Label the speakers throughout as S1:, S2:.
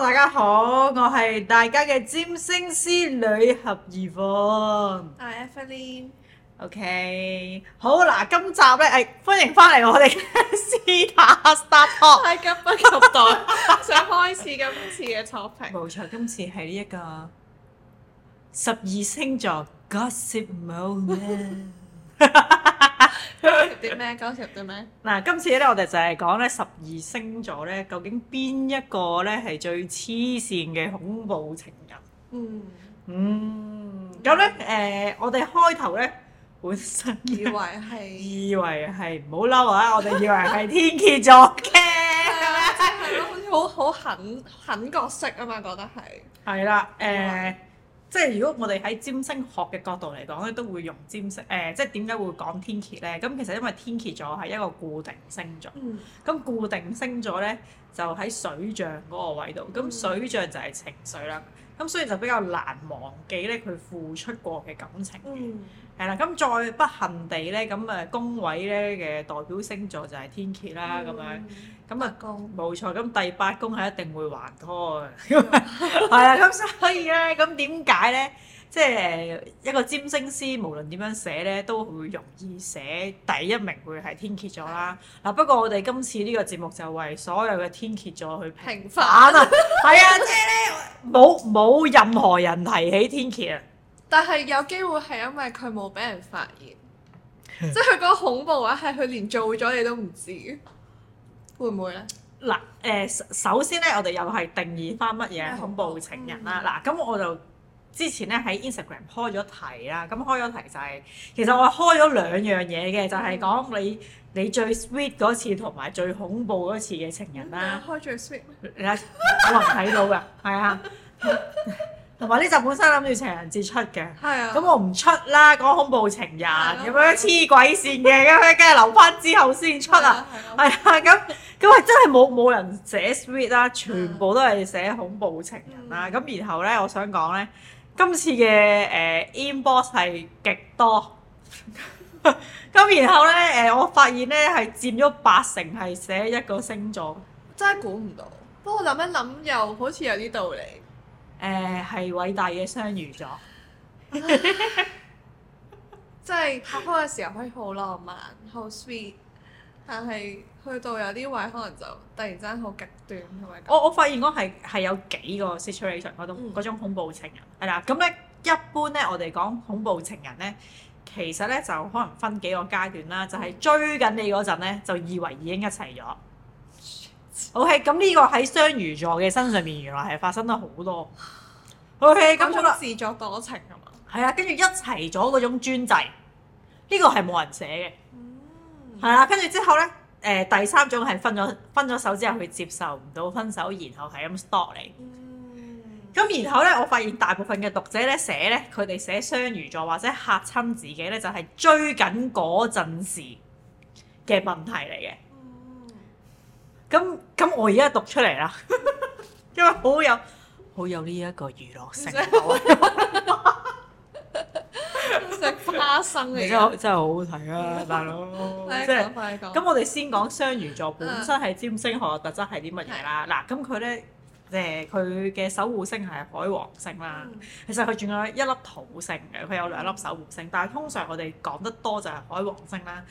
S1: 大家好，我係大家嘅占星師女俠 Yvonne。
S2: 係 Evelyn，OK，、
S1: okay。好嗱，今集咧，誒、哎，歡迎翻嚟我哋嘅斯塔斯塔 Top，係急不及待想開始今次嘅 topic。冇錯， 今次係呢一個十二星座 Gossip moment、yeah.
S2: 哈哈哈！嗰條咩？搞笑嘅咩？
S1: 嗱，今次咧，我哋就係講咧十二星座咧，究竟邊一個咧係最黐線嘅恐怖情人？嗯嗯，咁咧，誒，我哋開頭咧，本身
S2: 以為係，
S1: 以為係唔好嬲啊！我哋以為係天蠍座嘅，
S2: 係咯，好似好好狠狠角色啊嘛，覺得係，
S1: 係啦，誒。即係如果我哋喺占星學嘅角度嚟講咧，都會用占星誒、呃，即係點解會講天蠍咧？咁其實因為天蠍座係一個固定星座，咁、嗯、固定星座咧就喺水象嗰個位度，咁水象就係情緒啦，咁、嗯、所以就比較難忘記咧佢付出過嘅感情、嗯係啦，咁再不幸地咧，咁誒宮位咧嘅代表星座就係天蠍啦，咁樣，咁啊，宮冇錯，咁第八宮係一定會還拖嘅，係啊、嗯，咁 所以咧，咁點解咧？即係一個占星師，無論點樣寫咧，都會容易寫第一名會係天蠍座啦。嗱，不過我哋今次呢個節目就為所有嘅天蠍座去
S2: 平反啊！係啊平凡，即係咧
S1: 冇冇任何人提起天蠍。啊！
S2: 但係有機會係因為佢冇俾人發現， 即係佢嗰個恐怖嘅係佢連做咗你都唔知，會唔會咧？嗱，
S1: 誒，首先咧，我哋又係定義翻乜嘢恐怖情人啦。嗱、嗯，咁我就之前咧喺 Instagram 開咗題啦，咁開咗題就係其實我開咗兩樣嘢嘅，嗯、就係講你你最 sweet 嗰次同埋最恐怖嗰次嘅情人啦。開最 sweet 咩？你睇到 㗎？係啊。同埋呢集本身諗住情人節出嘅，咁、啊、我唔出啦，講、那個、恐怖情人咁樣黐鬼線嘅，咁佢梗係留翻之後先出啊，係啊，咁咁係真係冇冇人寫 sweet 啦、啊，全部都係寫恐怖情人啦、啊。咁、啊嗯、然後咧，我想講咧，今次嘅誒、呃、inbox 係極多，咁 然後咧誒、呃，我發現咧係佔咗八成係寫一個星座，嗯、
S2: 真係估唔到。不過諗一諗又好似有啲道理。
S1: 誒係、呃、偉大嘅雙魚座、
S2: 啊，即係拍拖嘅時候可以好浪漫、好 sweet，但係去到有啲位可能就突然間好極端係咪？是
S1: 是我我發現嗰係有幾個 situation 嗰、那個、種恐怖情人係啦。咁咧、嗯、一般咧，我哋講恐怖情人咧，其實咧就可能分幾個階段啦。就係、是、追緊你嗰陣咧，就以為已經一齊咗。嗯嗯。O K，咁呢個喺雙魚座嘅身上面，原來係發生咗好多。O K，咁好啦。
S2: 自作多情啊嘛。
S1: 係啊，跟住一齊咗嗰種專制，呢、這個係冇人寫嘅。嗯。係啦、啊，跟住之後咧，誒、呃、第三種係分咗分咗手之後，佢接受唔到分手，然後係咁 stop 你。嗯。咁然後咧，我發現大部分嘅讀者咧寫咧，佢哋寫雙魚座或者嚇親自己咧，就係、是、追緊嗰陣時嘅問題嚟嘅。咁咁我而家讀出嚟啦，因為有好有好有呢一個娛樂性，
S2: 食花生嘅真
S1: 真係好好睇啊，大佬 是！即係咁，我哋先講雙魚座本身係占星學嘅特質係啲乜嘢啦？嗱、啊，咁佢咧。誒佢嘅守護星係海王星啦，嗯、其實佢仲有一粒土星嘅，佢有兩粒守護星，但係通常我哋講得多就係海王星啦。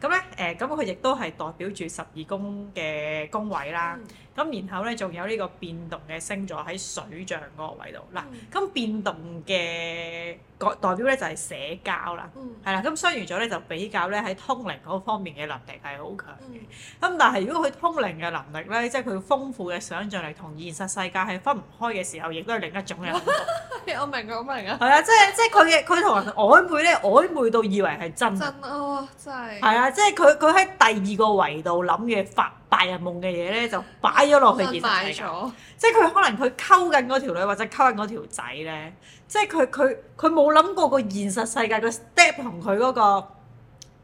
S1: 咁咧誒，咁佢亦都係代表住十二宮嘅宮位啦。咁、嗯、然後咧仲有呢個變動嘅星座喺水象嗰個位度。嗱、嗯，咁變動嘅代表咧就係社交啦，係啦、嗯。咁雙魚座咧就比較咧喺通靈嗰方面嘅能力係好強嘅。咁、嗯嗯、但係如果佢通靈嘅能力咧，即係佢豐富嘅想像力同現實。世界係分唔開嘅時候，亦都係另一種嘅
S2: 我明我明噶。係啊， 即係即係佢嘅，
S1: 佢同人曖昧咧，曖昧到以為係真。真
S2: 啊，真係。係啊，即係佢
S1: 佢喺第二個維度諗嘅發白日夢嘅嘢咧，就擺咗落去現實。擺咗。即係佢可能佢溝緊嗰條女，或者溝緊嗰條仔咧，即係佢佢佢冇諗過個現實世界個 step 同佢嗰個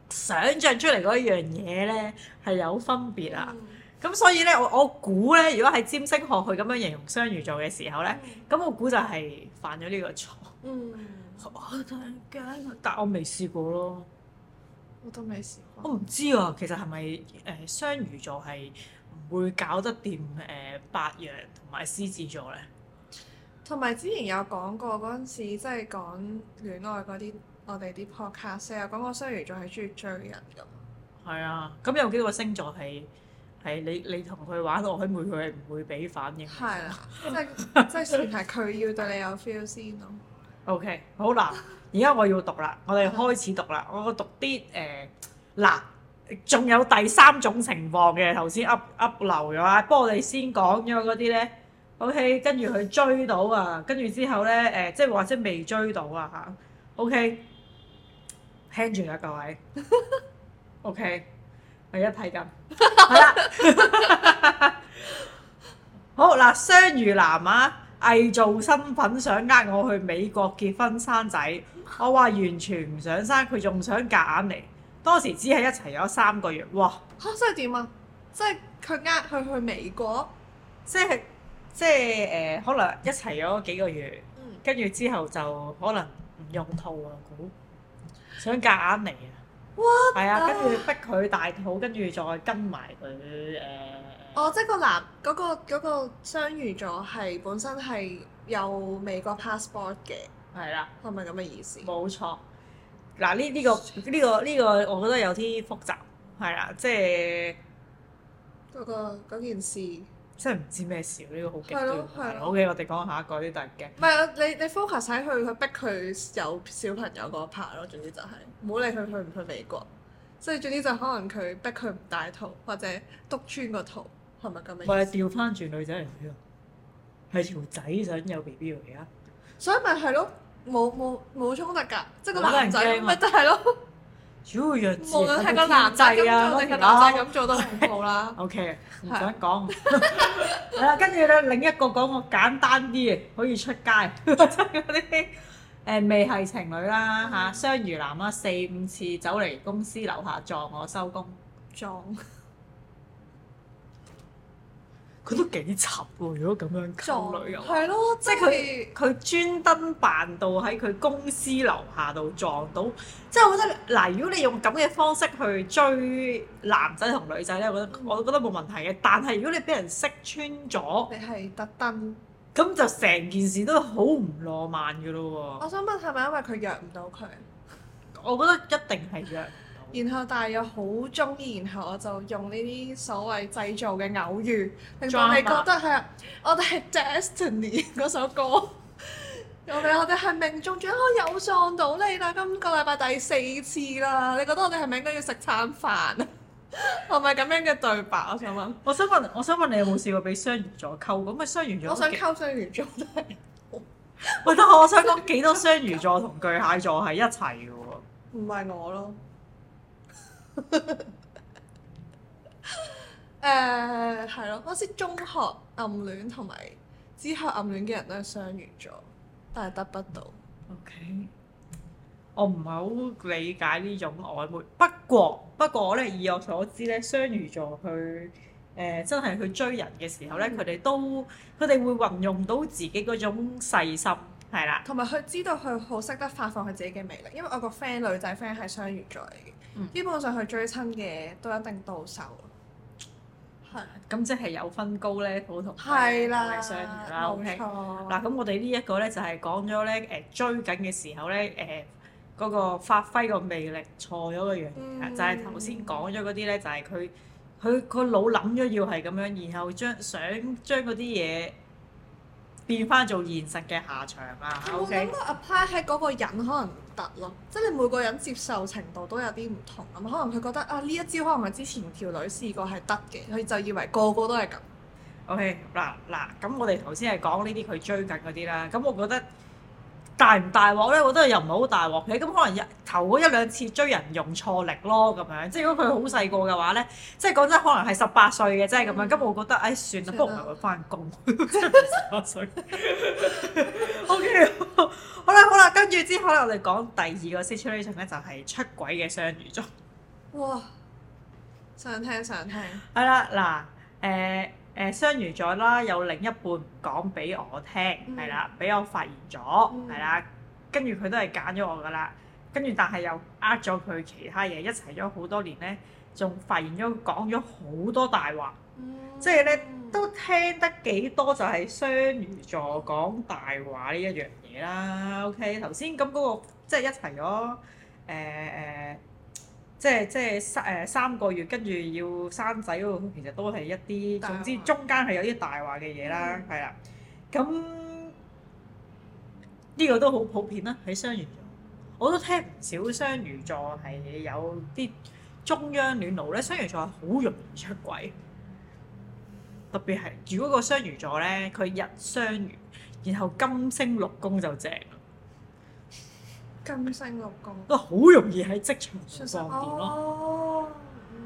S1: 想像出嚟嗰一樣嘢咧係有分別啊。嗯咁所以咧，我我估咧，如果係占星學佢咁樣形容雙魚座嘅時候咧，咁、mm. 我估就係犯咗呢個錯。嗯，
S2: 我都驚，
S1: 但我未試過
S2: 咯。我都未試
S1: 過。我唔知啊，其實係咪誒雙魚座係唔會搞得掂誒白羊同埋獅子座咧？
S2: 同埋之前有講過嗰陣時，即係講戀愛嗰啲，我哋啲 podcast 啊，講過雙魚座係中意追人㗎。
S1: 係啊，咁有幾個星座係？係你你同佢玩，我睇每個係唔會俾反應。係啦，
S2: 即係即係算係佢要對你有 feel 先
S1: 咯。O K，好啦，而家我要讀啦，我哋開始讀啦。
S2: 我讀啲誒
S1: 嗱，仲有第三種情況嘅頭先 up up 漏咗啊，不過我哋先講咗嗰啲咧。O K，跟住佢追到啊，跟住之後咧誒，即係或者未追到啊嚇。O K，聽住啦，各位。O K。我一睇緊， 好啦，好嗱，雙魚男啊，偽造身份想呃我去美國結婚生仔，我話完全唔想生，佢仲想夾硬嚟。當時只係一齊咗三個月，哇！
S2: 嚇、啊，即係點啊？即係佢呃佢去美國，
S1: 即係即係誒、呃，可能一齊咗幾個月，跟住、嗯、之後就可能唔用套啊，估想夾硬嚟啊！係啊，跟住 What、嗯、逼佢大肚，跟住再跟埋佢誒。Uh,
S2: 哦，即係個男嗰、嗰個嗰、嗰個雙魚座係本身係有美國 passport 嘅。係
S1: 啦了。係咪咁嘅意思？冇錯。嗱，呢呢個呢個呢個，呢個呢個、我覺得有啲複
S2: 雜。係啊，即係嗰嗰件事。
S1: 真係唔知咩事，呢個好驚。係咯，係。O Okay , K，的我哋講下下一個，呢都係
S2: 驚。唔係啊，你你 focus 喺佢，佢逼佢有小朋友嗰一排咯。總之就係、是，唔好理佢去唔去美國。所以總之就可能佢逼佢唔戴套，或者督穿個套，係咪咁樣？喂，係調
S1: 翻轉女仔嚟講，係條仔想有 B B 而家。
S2: 所以咪係咯，冇冇冇衝突㗎，即係個男仔，咪、啊、就係
S1: 咯。主要弱智，唔知點解咁做都好恐
S2: 怖啦、
S1: 啊。 OK，唔想講。係啦， 跟住咧另一個講我簡單啲，可以出街，即係嗰啲誒未係情侶啦嚇，雙魚男啦，四五、嗯、次走嚟公司樓下撞我收工，撞。都幾慘喎！如果咁樣溝女又係咯，即係佢佢專登扮到喺佢公司樓下度撞到， 即係我覺得嗱、呃，如果你用咁嘅方式去追男仔同女仔咧，我覺得我覺得冇問題嘅。但係如果你俾人識穿咗，你
S2: 係特登，
S1: 咁就成件事都好唔浪漫噶咯喎！我
S2: 想問係咪因為佢約唔到佢？我覺得一定係約。 然後但係我好中意，然後我就用呢啲所謂製造嘅偶遇，令到你覺得係滿我哋係 Destiny 嗰首歌，我哋我哋係命中註定，我有撞到你啦！今個禮拜第四次啦，你覺得我哋係咪係應該要食餐飯啊？係咪
S1: 咁樣嘅對白？我想問，Okay. 我想問，我想問你有冇試過俾雙魚座溝？咁咪雙魚座，我想溝雙魚座。喂，但我想講幾多雙魚座同巨蟹座喺一齊嘅
S2: 喎？唔係我咯。誒，係咯、 uh,，嗰時中學暗戀同埋之後暗戀嘅人都係雙魚座，但係得不到。OK，
S1: 我唔係好理解呢種曖昧。不過，不過我咧以我所知咧，雙魚座去誒、呃，真係去追人嘅時候咧，佢哋、嗯、都佢哋會運用到自己嗰種細心，係啦。
S2: 同埋佢知道佢好識得發放佢自己嘅魅力，因為我個 friend 女仔 friend 係雙魚座嚟嘅。基本上佢追親嘅都一定到手，
S1: 係、嗯。咁是即係有分高咧，普通係啦，OK，嗱，咁我哋呢一個咧就係講咗咧，誒追緊嘅時候咧，誒、呃、嗰、嗰個發揮個魅力錯咗個樣，嗯、就係頭先講咗嗰啲咧，就係佢佢個腦諗咗要係咁樣，然後將想將嗰啲嘢變翻做現實嘅下場 OK，應該
S2: apply 喺嗰個人可能。得咯，即係你每個人接受程度都有啲唔同，咁可能佢覺得啊，呢一招可能係之前條女試過係得嘅，佢就以為個個都係咁。
S1: OK，嗱嗱，咁我哋頭先係講呢啲佢追緊嗰啲啦，咁我覺得。大唔大鑊咧？我覺得又唔係好大鑊嘅，咁可能一頭一兩次追人用錯力咯，咁、嗯、樣。即係如果佢好細個嘅話咧，即係講真，可能係十八歲嘅，即係咁樣。咁我覺得，哎，算啦，不如翻工。十八 歲。 o、okay, K，好啦好啦，跟住之後咧，我哋講第二個 situation 咧，就係出軌嘅雙魚座。
S2: 哇，想聽想聽。
S1: 係啦，嗱，誒、呃。誒、呃、雙魚座啦，有另一半唔講俾我聽，係啦、嗯，俾我發現咗，係啦、嗯，跟住佢都係揀咗我噶啦，跟住但係又呃咗佢其他嘢，一齊咗好多年咧，仲發現咗講咗好多大話，即係咧都聽得幾多，就係雙魚座講大話呢一樣嘢啦。OK，頭先咁嗰個即係一齊咗誒誒，呃呃即係即係三誒三個月，跟住要生仔嗰個，其實都係一啲，大話，總之中間係有啲大話嘅嘢啦，係啦、嗯。咁呢個都好普遍啦，喺雙魚座，我都聽唔少雙魚座係有啲中央暖爐咧。雙魚座係好容易出軌，特別係如果個雙魚座咧，佢日雙魚，然後金星六宮就正。
S2: 金星六
S1: 宮都好容易喺職場上面咯，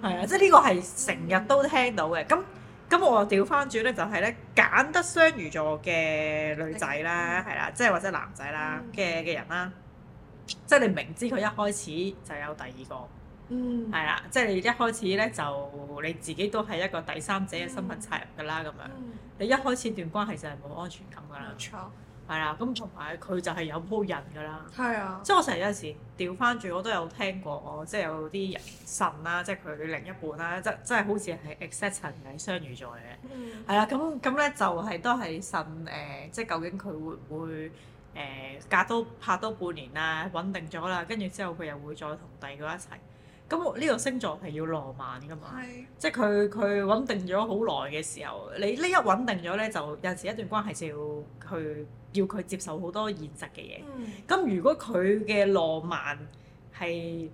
S2: 係啊，即係呢個係
S1: 成日都聽到嘅。咁咁我調翻轉咧，就係咧揀得雙魚座嘅女仔啦，係啦，即係或者男仔啦嘅嘅人啦，嗯、即係你明知佢一開始就有第二個，嗯，係啦，即係你一開始咧就你自己都係一個第三者嘅身份插入㗎啦，咁樣、嗯嗯、你一開始段關係就係冇安全感㗎啦。係啦，咁同埋佢就係有鋪人㗎啦，即係我成日有陣時調翻轉，我都有聽過，即係有啲人神啦，即係佢另一半啦，即即係好似係 ex 係雙魚座嘅相遇咗嘅，係啦、嗯，咁咁咧就係、是、都係神誒，即係究竟佢會唔會誒、呃、隔多拍多半年啦，穩定咗啦，跟住之後佢又會再同第二個一齊。咁呢個星座係要浪漫噶嘛，的即係佢佢穩定咗好耐嘅時候，你呢一穩定咗咧，就有時有一段關係就要去要佢接受好多現實嘅嘢。咁、嗯、如果佢嘅浪漫係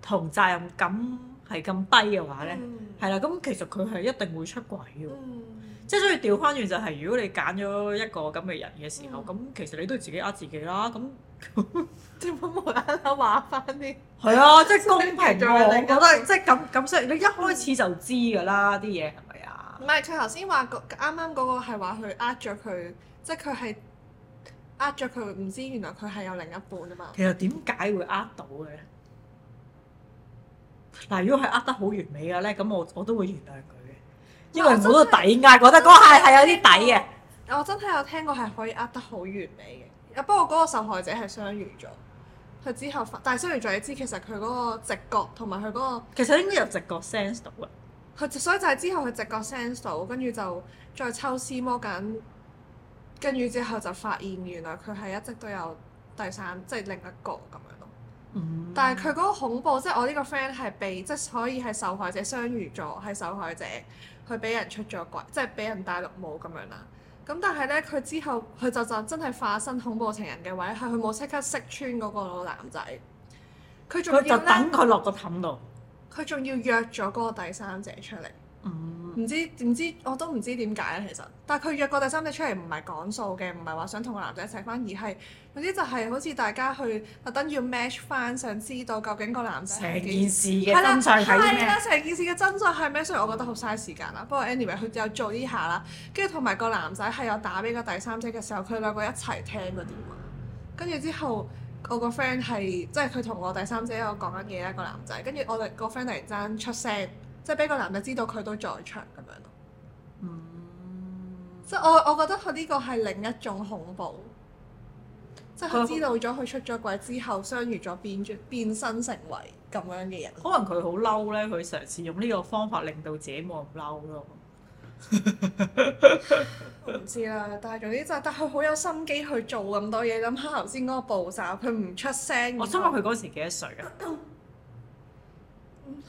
S1: 同責任感係咁低嘅話咧，係啦、嗯，咁其實佢係一定會出軌嘅。嗯即係所以調翻轉就係，如果你揀咗一個咁嘅人嘅時候，咁、嗯、其實你都自己呃自己啦。咁
S2: 點解冇人話翻啲？
S1: 係 啊，即、就、係、係、公平啊！ 說我覺得即係咁咁，所以 你一開始就知㗎啦啲嘢
S2: 係咪啊？唔係佢頭先話個啱啱嗰個係話佢呃咗佢，即係佢係呃咗佢。唔知原來佢係有另一半啊嘛。其實
S1: 點解會呃到嘅？嗱，如果係呃得好完美嘅咧，咁我我都會原諒因為冇咁多抵壓，覺得嗰下係有啲抵
S2: 嘅。我真係有聽過係可以呃得好完美嘅。不過嗰個受害者係雙魚座，佢之後發，但係雙魚座你知，其實佢嗰個直覺同埋佢嗰個
S1: 其實應該有直覺 sense 到
S2: 嘅。佢所以就係之後佢直覺 sense 到，跟住就再抽絲剝繭，跟住之後就發現原來佢係一直都有第三，即係另一個咁樣咯。嗯、但係佢嗰個恐怖，即係我呢個 friend 係被即係所以係受害者雙魚座係受害者。佢俾人出咗軌，即係俾人戴綠帽咁樣啦。咁但係呢，佢之後佢就就真係化身恐怖情人嘅位，係佢冇即刻識穿嗰個老男仔，佢仲要呢，佢就等佢落個氹度，佢仲要約咗嗰個第三者出嚟。嗯唔知唔知我都唔知點解啊，其實，但係佢約個第三者出嚟唔係講數嘅，唔係話想同個男仔一齊翻，而係總之就係、是、好似大家去就等住 match 翻，想知道究竟個男仔成件，件事嘅真相係咩？係啊啦，成件事嘅真相係咩？所以我覺得好嘥時間啦，不過 anyway 佢就有做呢下啦，跟住同埋個男仔係有打俾個第三者嘅時候，佢兩個一齊聽個電話，跟住之後我個 friend 係即係佢同我第三者有講緊嘢一個男仔，跟住我哋個 friend 突然之間出聲。即係俾個男嘅知道佢都在場咁樣，嗯、即係我我覺得佢呢個係另一種恐怖，即係佢知道咗佢出咗軌之後，相遇咗變轉變身成為咁樣嘅人。可能佢好嬲
S1: 咧，佢嘗試用呢個方法令到自己冇咁嬲咯。我唔
S2: 知啦，但係總之就係，但佢好有心機去做咁多嘢。諗下頭先嗰個步驟，佢唔出聲。我想下佢
S1: 嗰時幾多歲啊？后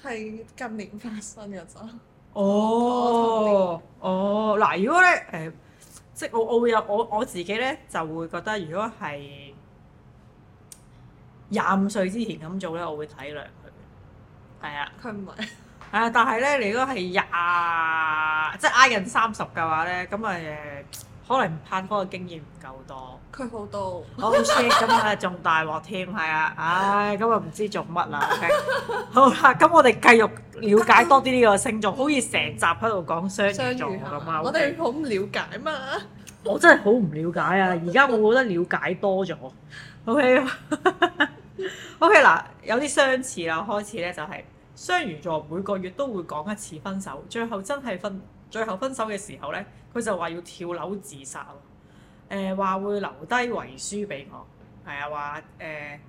S2: 係今年發生嘅咋？
S1: 哦， 哦，哦，嗱，如果咧誒、呃，即係我我會有我我自己咧，就會覺得如果係廿五歲之前咁做咧，我會體
S2: 諒佢。係啊。佢唔
S1: 係。啊！但係咧，你如果係廿 即係挨近三十嘅話咧，咁咪、就係、～可能拍拖嘅經驗唔夠多，
S2: 佢好多。我好 shit，今日
S1: 仲大鑊添，係啊，唉，今日唔知做乜啦。好啦，咁我哋繼續了解多啲呢、呢個星座， 好似成集喺度講雙魚座咁啊。Okay、我哋
S2: 好唔了解嘛？
S1: 我真係好唔了解啊！而家我覺得了解多咗。O K，O K 嗱，有啲相似啦。開始咧就係、係、雙魚座每個月都會講一次分手，最後真係分。最後分手嘅時候呢，佢就話要跳樓自殺咯，誒、欸、話會留低遺書俾我，係啊，話誒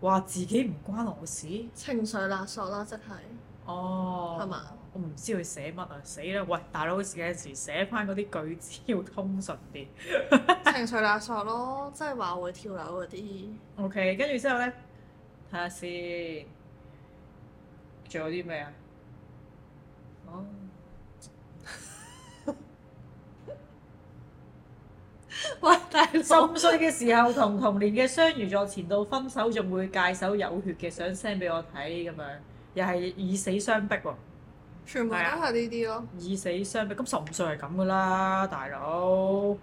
S1: 話自己唔關我事，情
S2: 緒勒索啦，即係，哦，係嘛
S1: 吧？我唔知佢寫乜啊，死啦！喂，大佬，有陣時寫翻嗰啲句子要通順啲，
S2: 情緒勒索咯，即係話會跳樓嗰啲。
S1: OK，跟住之後呢，睇下先，仲有啲咩啊？哦，喂，大佬，十五歲嘅時候同同年嘅雙魚座前度分手仲會介手有血嘅，相 send 俾我睇咁樣，又係以死相逼喎，全部都係呢啲咯，以死相逼，咁十五歲係咁噶啦，大佬。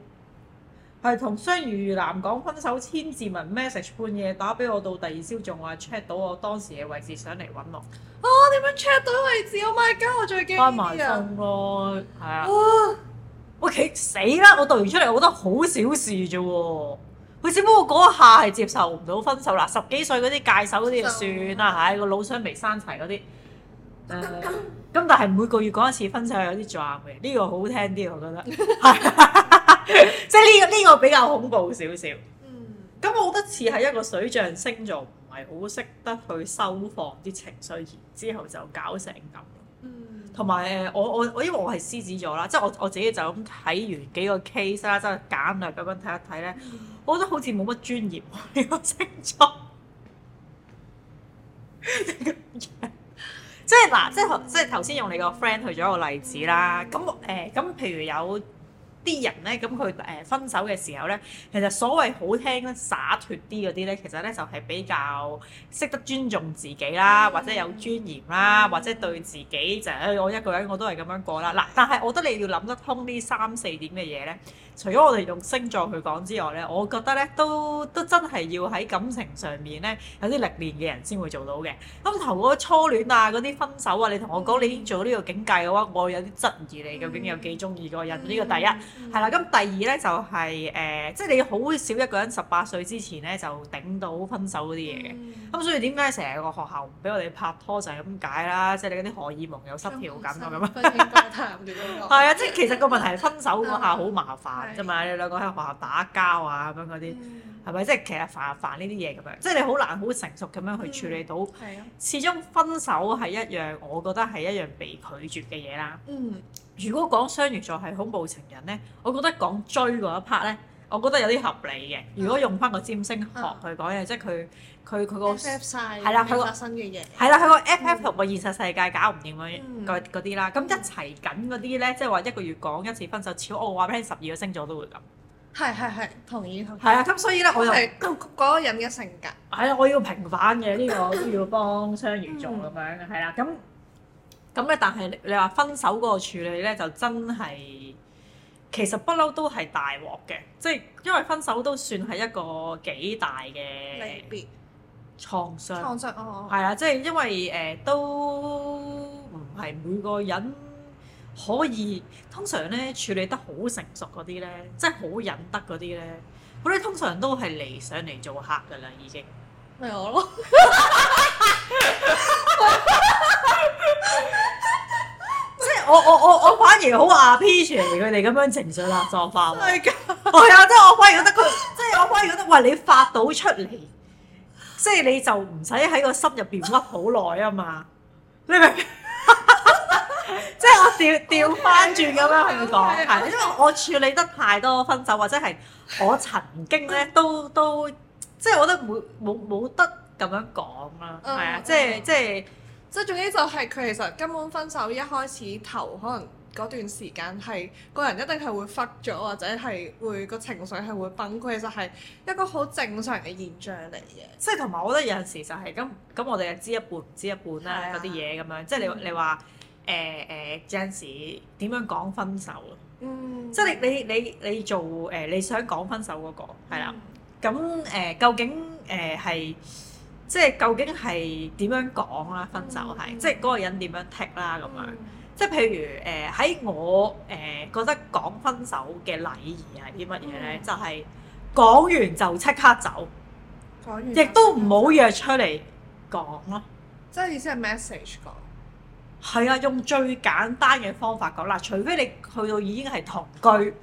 S1: 係同雙魚男講分手千字文 message，半夜打俾我到第二朝，仲話 check 到我當時嘅位置，上嚟揾我。
S2: 啊、哦！點樣 check 到位置？my god，我最驚啲翻埋信咯，係啊。
S1: 啊我企死啦！我讀完出嚟，我覺得好小事啫喎。佢只不過嗰一下係接受唔到分手啦，十幾歲嗰啲介手嗰啲就算啦，唉、啊，個腦傷未生齊嗰啲。咁、呃、咁， 但係每個月講一次分手係有啲 jam 嘅，呢、呢個好聽啲，我覺得。 即係、這、呢個呢，這個比較恐怖少少。嗯。咁、嗯、我覺得似係一個水象星座，唔係好識得去收放啲情緒，然之後就搞成咁。嗯。同埋誒，我我我因為我係獅子座啦，即係我我自己就咁睇完幾個 case 啦，即係簡略咁樣睇一睇咧，嗯、我覺得好似冇乜專業，唔清楚。 即係嗱，即係即係頭先用你個 friend 去咗個例子啦。咁誒，咁、欸、譬如有。啲人呢，咁佢誒分手嘅時候呢，其實所謂好聽灑脱啲嗰啲呢，其實呢就係比較識得尊重自己啦，或者有尊嚴啦，或者對自己就誒我一個人我都係咁樣過啦。嗱，但係我覺得你要諗得通呢三四點嘅嘢呢。除咗我哋用星座去講之外咧，我覺得咧都都真係要喺感情上面咧有啲歷練嘅人先會做到嘅。咁頭嗰初戀啊、嗰啲分手啊，你同我講你已經做呢個境界嘅話，我有啲質疑你究竟有幾中意個人。呢、嗯、個第一係啦。咁、嗯嗯、第二咧就係、是、誒，即、呃、係、就是、你好少一個人十八歲之前咧就頂到分手嗰啲嘢嘅。咁、嗯、所以點解成日個學校唔俾我哋拍拖就係咁解啦。即、就、係、是、你嗰啲荷爾蒙有失調感咁樣。
S2: 係啊， 即
S1: 係其實個問題係分手嗰下好麻煩。就嘛，你兩個喺學校打交啊咁樣嗰啲，係咪、嗯？即係、就是、其實煩、啊、煩呢啲嘢咁樣，即、就、係、是、你好難好成熟咁樣去處理到。係、嗯。啊、始終分手係一樣，我覺得係一樣被拒絕嘅嘢啦。嗯。如果講雙魚座係恐怖情人咧，我覺得講追嗰一 part 咧，我覺得有啲合理嘅。嗯、如果用翻個占星學去講嘢，即係佢。嗯。佢佢、個
S2: 係啦，佢個、啊、新嘅嘢係啦，佢
S1: 個 app 同個現實世界搞唔掂嗰啲啦。咁、嗯、一齊緊嗰啲咧，即係話一個月講一次分手超我話畀你，十二個星座都會咁。
S2: 係係係，同意同意。係啊，咁所以咧同，我又係個人嘅性格。係啊，我要平反嘅呢個都要幫雙魚
S1: 座咁樣嘅係啦。咁咁咧，但係你話分手嗰個處理咧，就真係其實不嬲都係大鑊嘅，即、就、係、是、因為分手都算係一個幾大嘅離別。創傷，創傷哦，係啊，即係因為誒都唔係每個人可以通常咧處理得好成熟嗰啲咧，即係好忍得嗰啲咧，嗰啲通常都係嚟上嚟做客噶啦，已經
S2: 係我咯，即係我我我我反而好話
S1: P 出佢哋咁樣情緒化狀化。係啊，即係我反而覺得佢，即係我反而覺得喂，你發到出嚟。即係你就唔使喺個心入邊屈好耐啊嘛， 你明？ 即係我調調翻轉咁樣，去講。係，因為我處理得太多分手，或者係我曾經咧 都
S2: 都，即係我覺得冇冇冇得咁樣講啦。係啊，即係即係，即係，uh, 總之就係佢其實根本分手一開始頭可能。嗰段時間係個人一定係會忽咗，或者係會個情緒係會崩潰，就係一個好正常嘅現象嚟嘅。即
S1: 係同埋，我覺得有陣時就係咁咁，我哋知一半唔知一半啦嗰啲嘢咁樣。即係你、嗯、你話誒誒嗰陣時點樣講分手？嗯，即係你你你你做誒、呃、你想講分手嗰、嗰個係、嗯、啦。咁誒、呃、究竟誒係、呃、即係究竟係點樣講啦？分手係、嗯嗯、即係嗰個人點樣踢啦咁樣。即係譬如誒喺、呃、我誒、呃、覺得講分手嘅禮儀係啲乜嘢咧？嗯、就係講完就即刻走，
S2: 講完亦
S1: 都唔好約出嚟講咯。即係意思係
S2: message 講。
S1: 係啊，用最簡單嘅方法講啦。除非你去到已經係同居，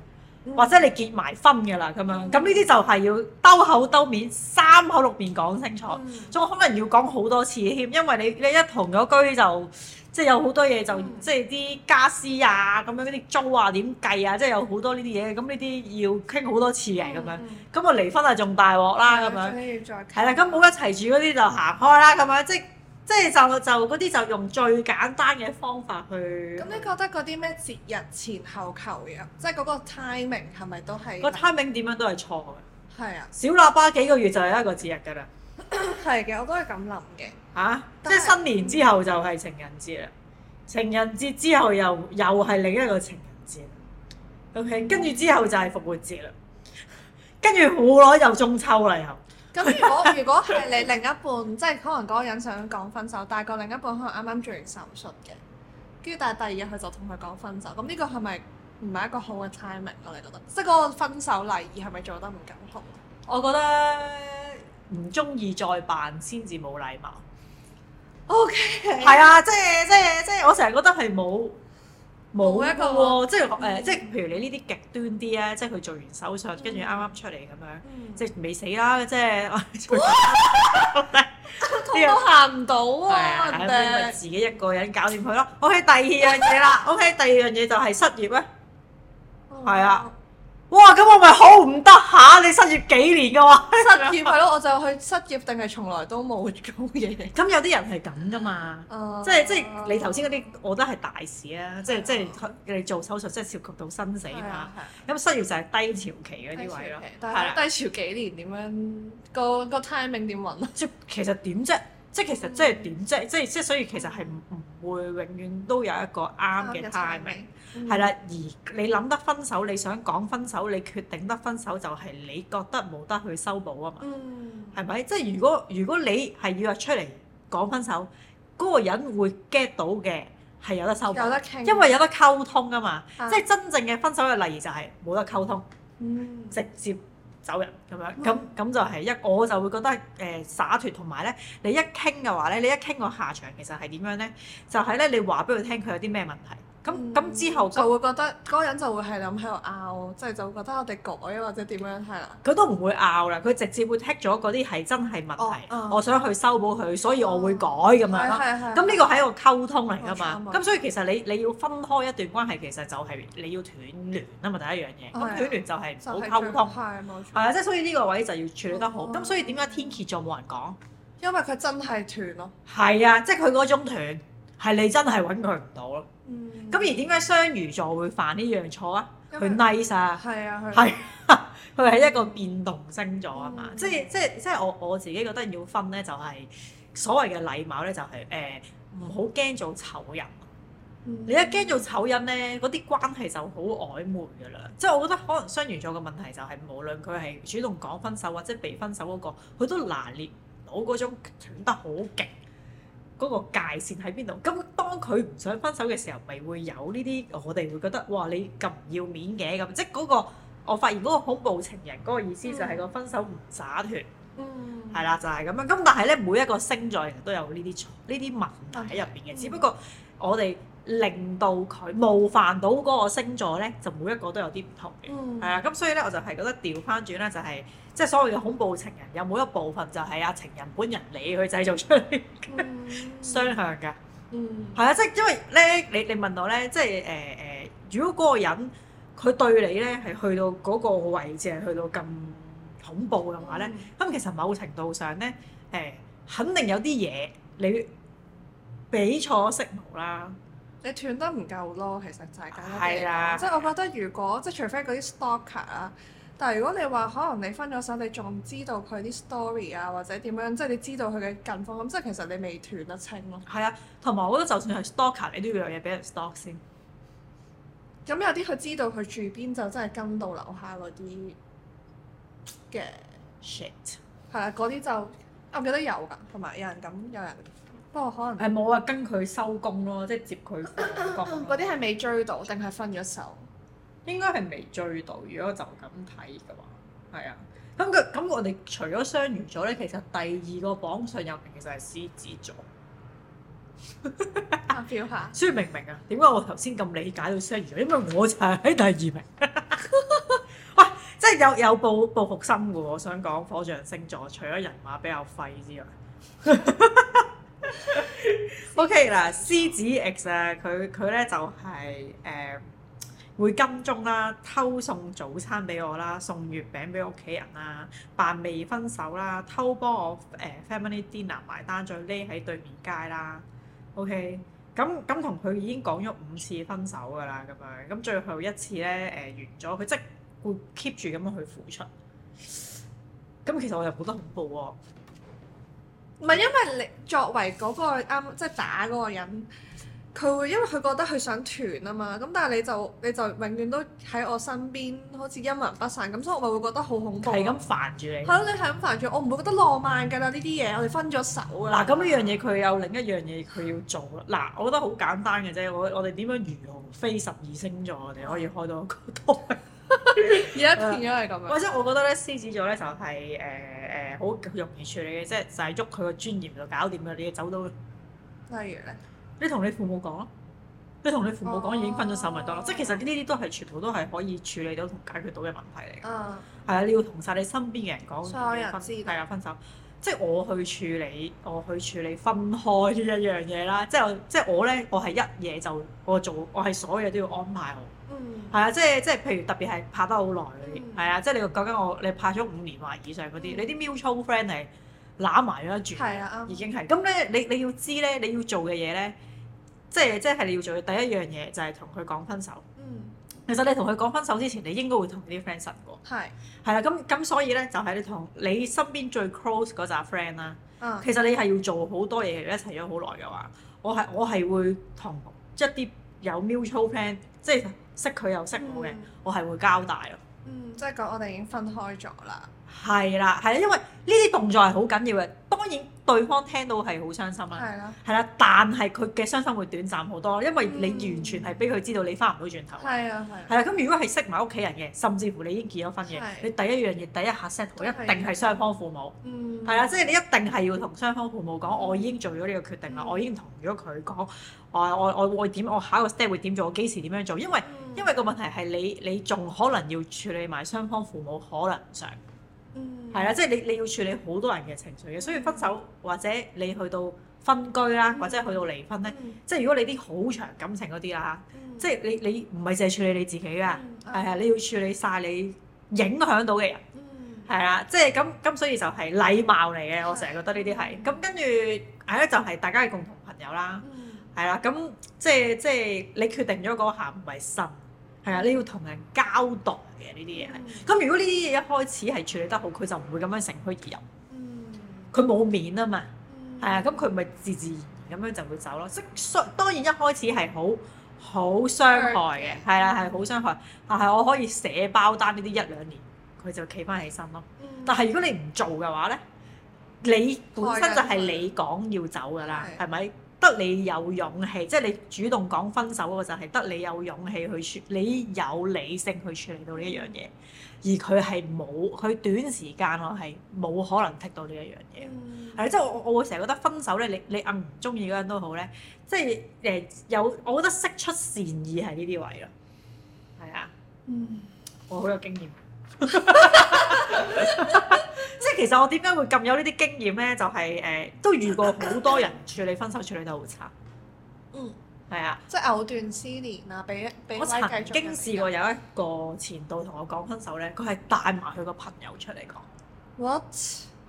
S1: 嗯、或者你結埋婚㗎喇咁樣。咁呢啲就係要兜口兜面三口六面講清楚，仲、嗯、可能要講好多次添，因為你你一同咗居就。即係有好多嘢就，即係啲家私啊，咁樣嗰啲租啊，點計啊？即係有好多呢啲嘢，咁呢啲要傾好多次嘅咁樣。咁啊離婚啊，仲大鑊啦咁樣。
S2: 係啦，咁
S1: 冇一齊住嗰啲就行開啦，咁樣即即係就就嗰啲就用最簡單嘅方法去。咁你
S2: 覺得嗰啲咩節日前後求人，即係嗰個 timing 係咪都係個
S1: timing 點樣都係錯嘅？係啊，小喇叭幾個月就係一個節日㗎啦。
S2: 係嘅，我都係咁諗嘅。嚇！啊、是即係新
S1: 年之後就係情人節啦，嗯、情人節之後又又係另一個情人節，OK？跟住之後就係復活節啦，跟住冇耐又中秋啦又。
S2: 咁如果如果係你另一半， 即係可能嗰個人想講分手，但係個另一半可能啱啱做完手術嘅，跟住但係第二日佢就同佢講分手，咁呢個係咪唔係一個好嘅 timing？我、啊、你覺得，即係嗰個分手禮儀係咪做得唔夠好？我覺
S1: 得唔中意再辦先至冇禮貌。O
S2: K. 係啊，即係即係即係，我成
S1: 日覺得係冇冇一個喎，即係誒，即係譬如你呢啲極端啲咧，即係佢做完手術跟住啱啱出嚟咁樣，即係未死啦，即係呢都行唔到啊，唔係自己一個人搞掂佢咯。O K. 第二樣嘢啦，O K. 第二樣嘢就係失業啊。係啊。哇！咁我咪好唔得下？你失業幾年嘅話，失業係咯，
S2: 我就去失業定係從來都冇做嘢？咁有啲人係咁㗎嘛，即係即係你頭先嗰啲，
S1: 我覺得係大事啊！即係即係你做手術，即係涉及到生死嚇。咁失業就係低潮期嗰啲位咯，係啦。低
S2: 潮幾年點樣？個個 timing 點揾啊？即
S1: 其實點啫？即係其實即係點啫？即係即係所以其實係唔唔會永遠都有一個啱嘅 timing。係啦，mm hmm. 而你諗得分手，你想講分手，你決定得分手就係你覺得冇得去修補啊嘛，係咪、mm hmm.？即係如果如果你係要話出嚟講分手，嗰、那個人會 get 到嘅係有得修補，有得傾，因為有得溝通啊嘛。Ah. 即係真正嘅分手嘅禮儀就係冇得溝通，mm hmm. 直接走人咁樣。咁咁、mm hmm. 就係、是、一我就會覺得誒、呃、灑脱同埋咧，你一傾嘅話咧，你一傾個下場其實係點樣咧？就係、是、咧，你話俾佢聽佢有啲咩問題。
S2: 咁咁之後就會覺得嗰個人就會係諗喺度拗，即係就會覺得我哋改或者點樣係啦。
S1: 佢都唔會拗啦，佢直接會剔咗嗰啲係真係問題。我想去修補佢，所以我會改咁樣啦。咁呢個係一個溝通嚟噶嘛。咁所以其實你你要分開一段關係，其實就係你要斷聯啊嘛。第一樣嘢，咁斷聯就係唔好溝通。
S2: 係啊，即係所以呢
S1: 個位就要處理得好。咁所以點解天蠍座冇人講？
S2: 因為佢真係斷咯。
S1: 係啊，即係佢嗰種斷係你真係揾佢唔到咯。嗯，咁而點解雙魚座會犯呢樣錯啊，啊？佢 nice 啊，係啊，係，係，佢係一個變動星座啊嘛、嗯，即係即係即係我我自己覺得要分咧，就係、是、所謂嘅禮貌咧，就係誒唔好驚做醜人。嗯、你一驚做醜人咧，嗰啲關係就好曖昧㗎啦。即係我覺得可能雙魚座嘅問題就係無論佢係主動講分手或者被分手嗰、那個，佢都拿捏唔到嗰種搶得好勁。嗰個界線喺邊度？咁當佢唔想分手嘅時候，咪會有呢啲我哋會覺得哇！你咁唔要面嘅咁，即係嗰、那個我發現嗰個恐怖情人嗰、那個意思就係個分手唔灑脱，嗯，係啦，就係、是、咁樣。咁但係呢，每一個星座人都有呢啲呢啲問題喺入邊嘅，嗯、只不過我哋。令到佢冒犯到嗰個星座咧，就每一個都有啲唔同嘅，係啦、嗯。咁所以咧，我就係覺得調翻轉咧，就係即係所謂嘅恐怖情人，有冇一部分就係阿情人本人你去製造出嚟嘅、嗯、雙向㗎，係啊、嗯！即係因為咧，你你問我咧，即係誒誒，如果嗰個人佢對你咧係去到嗰個位置係去到咁恐怖嘅話咧，咁、嗯、其實某程度上咧誒、欸，肯定有啲嘢你俾錯訊號啦。
S2: 你斷得唔夠咯，其實就係咁多嘢。係啊，即係我覺得，如果即係除非嗰啲 stalker 啦，但係如果你話可能你分咗手，你仲知道佢啲 story 啊，或者點樣，即係你知道佢嘅近況，咁即係其實你未斷得清咯。係啊，
S1: 同埋我覺得，就算係 stalker，你都要有嘢俾人 stalk 先。
S2: 咁有啲佢知道佢住邊，就真係跟到樓下嗰啲嘅 shit。係啊，嗰啲就我記得有㗎，同埋有，有人咁，有人。不過可能誒冇
S1: 啊，跟佢收工咯，即係接佢。
S2: 嗰啲係未追到定係分咗手？
S1: 應該係未追到，如果就咁睇嘅話，係啊。咁佢咁，我哋除咗雙魚座咧，其實第二個榜上有名其實係獅子座。
S2: 投票下，
S1: 所以明唔明啊？點解我頭先咁理解到雙魚座？因為我就係喺第二名。喂， 即係有有報報復心嘅喎。我想講火象星座，除咗人馬比較廢之外。 O K 嗱，獅子 X 啊，佢佢咧就係誒會跟蹤啦，偷送早餐俾我啦，送月餅俾屋企人啦，扮未分手啦，偷幫我誒 family dinner 埋單，再匿喺對面街啦。O K，咁咁同佢已經講咗五次分手噶啦，咁樣咁最後一次咧誒完咗，佢即會 keep 住咁樣去付出。咁其實我又覺得恐怖喎。
S2: 唔係因為你作為嗰個啱即係打嗰個人，佢會因為佢覺得佢想斷啊嘛，咁但係你就你就永遠都喺我身邊，好似陰魂不散，咁所以我咪會覺得好恐怖，係咁
S1: 煩住你。係
S2: 咯，你係咁煩住我，唔會覺得浪漫㗎啦呢啲嘢，我哋分咗手啦。嗱，咁一樣
S1: 嘢佢有另一樣嘢佢要做啦。嗱，我覺得好簡單嘅啫，我我哋點樣如何飛十二星座我，我哋可以開到個台，而 家 變咗係咁樣。或者我覺得咧，獅子座咧就係誒。誒好、呃、容易處理嘅，即係就係喐佢個尊嚴就搞掂啦！你要走到，例如咧，你同你父母講咯，你同你父母講、哦、已經分咗手咪得咯。哦、即係其實呢啲都係全部都係可以處理到同解決到嘅問題
S2: 嚟
S1: 嘅。啊、哦，係啊！你要同晒你身邊嘅人講，所有人知，係啊，分手。即係我去處理，我去處理分開一樣嘢啦。即係即係我咧，我係一嘢就我做，我係所有嘢都要安排好。嗯，係啊，即係即係，譬如特別係拍得好耐嗰啲，係啊，即係你講緊我你拍咗五年或以上嗰啲，你啲 mutual friend 係攬埋咗一住，係啊，已經係咁咧。你你要知咧，你要做嘅嘢咧，即係即係你要做嘅第一樣嘢就係同佢講分手。嗯，其實你同佢講分手之前，你應該會同啲 friend 實過。係係啦，咁咁所以咧，就喺你同你身邊最 close 嗰扎 friend 啦。嗯，其實你係要做好多嘢，一齊咗好耐嘅話，我係我係會同一啲有 mutual friend 即係。識佢又識我嘅，嗯，我係會交帶咯。嗯，
S2: 即係講我哋已經分開咗啦。
S1: 係啦，係啦，因為呢啲動作係好緊要嘅。當然。對方聽到係好傷心啦，係啦的，但係佢嘅傷心會短暫好多，因為你完全係俾佢知道你翻唔到轉頭。係啊，係。係啦，咁如果係識埋屋企人嘅，甚至乎你已經結咗婚嘅，的你第一樣嘢第一下 set 一,一定係雙方父母。的嗯。係啦，即係你一定係要同雙方父母講，嗯、我已經做咗呢個決定啦，嗯、我已經同咗佢講，我我我我點，我下一個 step 會點做，我幾時點樣做，因為因為個、嗯、問題係你你仲可能要處理埋雙方父母可能上。嗯，係啦，即係你你要處理好多人嘅情緒嘅，所以分手或者你去到分居啦，或者去到離婚咧， 即係如果你啲好長感情嗰啲啊， 即係你你唔係淨係處理你自己嘅，係啊， uh, 你要處理晒你影響到嘅人，係啦， 即係咁咁，所以就係禮貌嚟嘅，我成日覺得呢啲係，咁跟住係啦，就係、係、大家嘅共同朋友啦，係啦，咁即係即係你決定咗嗰下唔係神。係啊，你要同人交代嘅呢啲嘢，咁、嗯、如果呢啲嘢一開始係處理得好，佢就唔會咁樣乘虛而入，佢冇、嗯、面啊嘛，係啊、嗯，咁佢咪自自然然咁樣就會走咯。即係當然一開始係好好傷害嘅，係啊係好傷害，但係我可以寫包單呢啲一兩年，佢就企翻起身咯。但係如果你唔做嘅話咧，你本身就係你講要走噶啦，係咪？得你有勇氣，即係你主動講分手嗰個就係、是、得你有勇氣去處，你有理性去處理到呢一樣嘢，而佢係冇，佢短時間我係冇可能剔到呢一樣嘢。係、嗯，即係我我會成日覺得分手咧，你你暗唔中意嗰人都好咧，即係誒有，我覺得釋出善意喺呢啲位咯。係啊，嗯，我好有經驗。 其實我點解會咁有呢啲經驗呢？就係、是、誒、呃，都遇過好多人處理分手 處理得好差。嗯，
S2: 係啊，即係藕斷絲連啊，俾俾。Like、我曾經試過
S1: 有一個前度同我講分手呢，佢係帶埋佢個朋友出嚟講。
S2: What？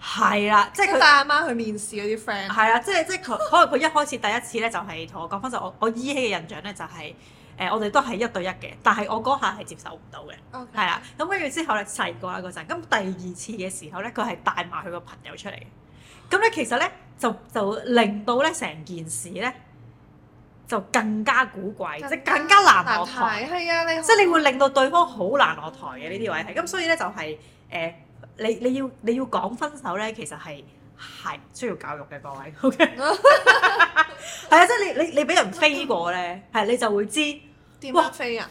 S1: 係啦、啊，即
S2: 係佢帶阿媽，媽去面試嗰啲 friend。係啊，即係即係佢，
S1: 可能佢一開始第一次呢，就係同我講分手。我我依稀嘅印象呢、就是，就係。誒、呃，我哋都係一對一嘅，但係我嗰下係接受唔到嘅，係啦 Okay.。咁跟住之後咧，細個嗰陣，咁第二次嘅時候咧，佢係帶埋佢個朋友出嚟。咁咧，其實咧就就令到咧成件事咧就更加古怪，即係更加難落台。係
S2: 啊，你即係你會
S1: 令到對方好難落台嘅呢啲位係。咁所以咧就係、係、誒、呃，你你要你要講分手咧，其實係。係需要教育嘅各位，OK？係啊，即係 你你你俾人飛過咧，係你就會知
S2: 點樣飛人，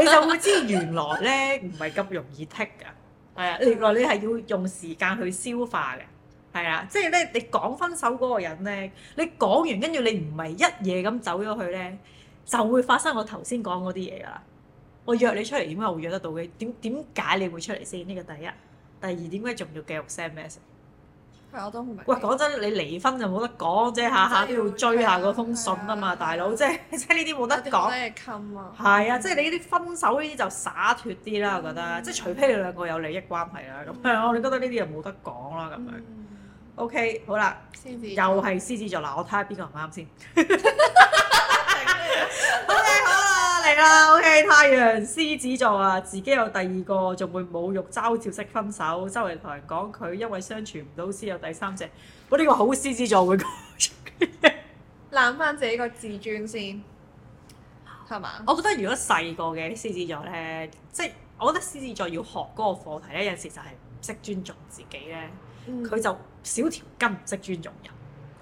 S2: 你就會
S1: 知， 就會知原來咧唔係咁容易剔嘅，係啊，原來你係要用時間去消化嘅，係啊，即係咧你講分手嗰個人咧，你講完跟住你唔係一夜咁走咗去咧，就會發生我頭先講嗰啲嘢噶啦。我約你出嚟點解我會約得到嘅？點點解你會出嚟先？呢個第一，第二點解仲要繼續 send message？
S2: 係，我都唔明，喂，講
S1: 真，你離婚就冇得講啫，下下都要追下嗰封信啊嘛，大佬，即係即係呢啲冇得講。係啊，即係你呢啲分手呢啲就灑脱啲啦，我覺得，即係除非你兩個有利益關係啦，咁樣我哋覺得呢啲就冇得講啦，咁樣。OK，好啦，獅
S2: 子又係
S1: 獅子座啦，我睇下邊個唔啱先。係啦，O K，太陽獅子座啊，自己有第二個，仲會侮辱、嘲笑式分手，周圍同人講佢因為相處唔到先有第三者。我呢個好獅子座會
S2: 攬翻自己個自尊先，係嘛？
S1: 我覺得如果細個嘅獅子座咧，即係我覺得獅子座要學嗰個課題咧，有時就係唔識尊重自己咧，佢、嗯、就少條筋唔識尊重人。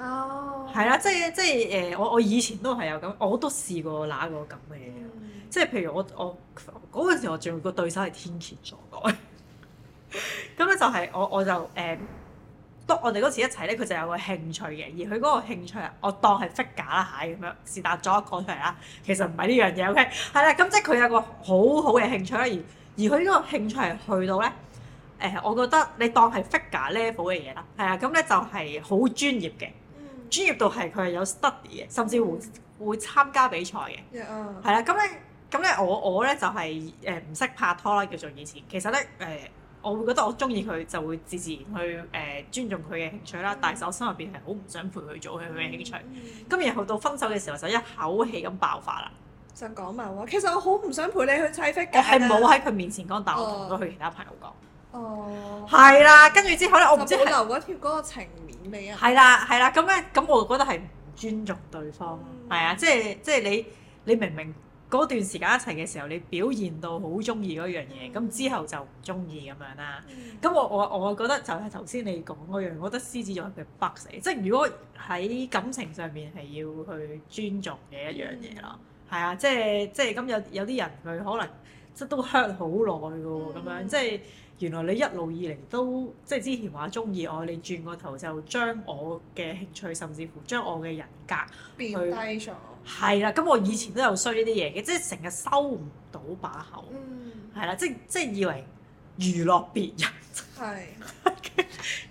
S1: 哦，係啦，即係即係誒、呃，我我以前都係有咁，我都試過拿個咁嘅嘢。即係譬如我我嗰陣時我仲個對手係天蠍座嘅，咁咧就係、是、我我就誒當、嗯、我哋嗰次一齊咧，佢就有個興趣嘅，而佢嗰個興趣啊，我當係 figure 啦、嗯、嚇咁樣，是但咗一個出嚟啦，其實唔係呢樣嘢，OK 係啦，咁、嗯、即係佢有個好好嘅興趣啦，而而佢嗰個興趣係去到咧誒、嗯，我覺得你當係 figure level 嘅嘢啦，係啊，咁、嗯、咧、嗯、就係、是、好專業嘅，專業到係佢係有 study 嘅，甚至會會參加比賽嘅，
S2: 係啊 Yeah.，咁、嗯、咧。嗯。
S1: 咁咧，我我咧就係誒唔識拍拖啦，叫做以前。其實咧，誒、呃、我會覺得我中意佢，就會自自然去誒、呃、尊重佢嘅興趣啦。但係我心入邊係好唔想陪佢做佢嘅興趣。咁、嗯、然後到分手嘅時候，就一口氣咁爆發啦。
S2: 想講埋話，其實我好唔想陪你去砌飛。我係冇喺
S1: 佢面前講，但我同咗佢其他朋友講、哦。
S2: 哦。係啦，跟住之後咧，我唔知係留嗰條嗰個情面未啊？係啦，
S1: 係啦。咁、嗯、咧，咁我覺得係唔尊重對方。係、嗯、啊，即係即係你你明唔明？明。嗰段時間一齊嘅時候，你表現到好中意嗰樣嘢，咁、嗯、之後就唔中意咁樣啦。咁、嗯、我我我覺得就係頭先你講嗰樣，我覺得獅子座佢北死，即係如果喺感情上面係要去尊重嘅一樣嘢咯。係、嗯、啊，即係即係咁有有啲人佢可能即都 hurt 好耐㗎喎，咁、嗯、樣即係原來你一路以嚟都即係之前話中意我，你轉個頭就將我嘅興趣，甚至乎將我嘅人格
S2: 去變低咗。
S1: 係啦，咁我以前都有衰呢啲嘢嘅，即係成日收唔到把
S2: 口，
S1: 係啦、嗯，即係即係以為娛樂別人是，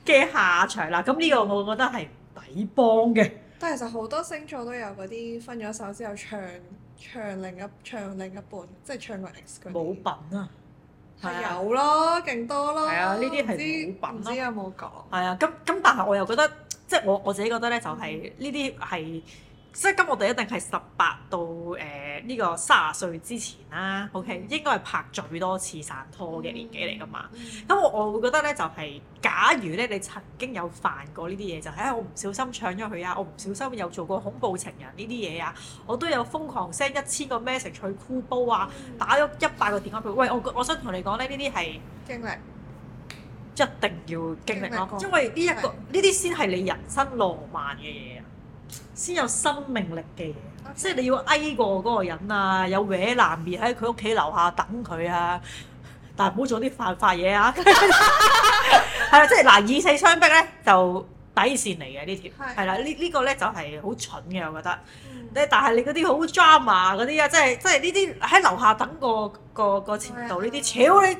S1: 係嘅 下場啦。咁呢個我覺得係唔抵幫嘅。
S2: 但係其實好多星座都有嗰啲分咗手之後唱唱另一唱另一半，即係唱個 X 嗰啲冇品啊！係有咯，勁、啊、多咯。係啊，呢啲係冇品。唔知有
S1: 冇講？係啊，咁咁、啊、但係我又覺得，即係我我自己覺得咧、就係，就係呢啲係。即係今我哋一定係十八到誒呢、呃這個卅歲之前啦、啊、OK、mm hmm. 應該係拍最多次散拖嘅年紀嚟㗎嘛。咁、mm hmm. 我會覺得咧，就係、是、假如咧你曾經有犯過呢啲嘢，就係、是哎、我唔小心搶咗佢啊，我唔小心有做過恐怖情人呢啲嘢啊，我都有瘋狂 send 一千個 message 去箍煲啊，mm hmm. 打咗一百個電話俾佢喂我，我想同你講咧，呢啲係經歷，
S2: 一
S1: 定要經歷咯、那個，歷因為呢一個呢啲先係你人生浪漫嘅嘢啊。先有生命力嘅嘢，即係你要捱過嗰個人啊，有歪男別喺佢屋企樓下等佢啊，但係唔好做啲犯法嘢啊，係啦， 即係嗱以死相逼咧就底線嚟嘅呢條，係啦呢呢個咧就係好蠢嘅我覺得，嗯、但係你嗰啲好 drama 嗰啲啊，即係即係呢啲喺樓下等個個個前度呢啲，超的你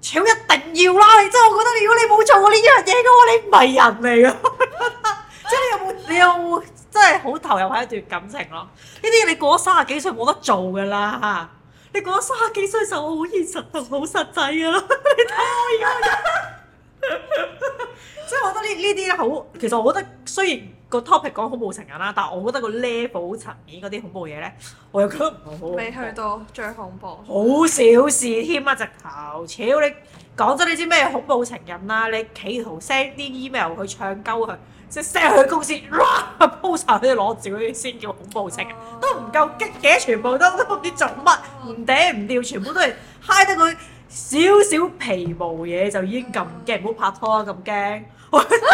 S1: 超一定要啦！你真係我覺得如果你冇做過呢樣嘢嘅話，你唔係人嚟嘅。 即係你有冇？你有冇？真係好投入喺一段感情咯！呢啲你過咗卅幾歲冇得做㗎喇吓！你過咗卅幾歲就好現實同好實際㗎喇！你睇我而家，即係我覺得呢呢啲咧好。其實我覺得雖然個 topic 講恐怖情人啦，但我覺得個 level 層面嗰啲恐怖嘢咧，我又覺得唔好，好。未去
S2: 到最恐怖。好小事
S1: 添啊！直頭，超你講真，你，你知咩恐怖情人啊？你企圖 send 啲 email 去唱鳩佢。即係 send 佢去公司，哇！鋪晒佢攞照，先叫恐怖情都唔夠激嘅。全部都都唔知做乜，唔嗲唔吊，全部都係 high 得個少少皮毛嘢就已經咁驚，唔好、嗯、拍拖咁、啊、驚！ 我真係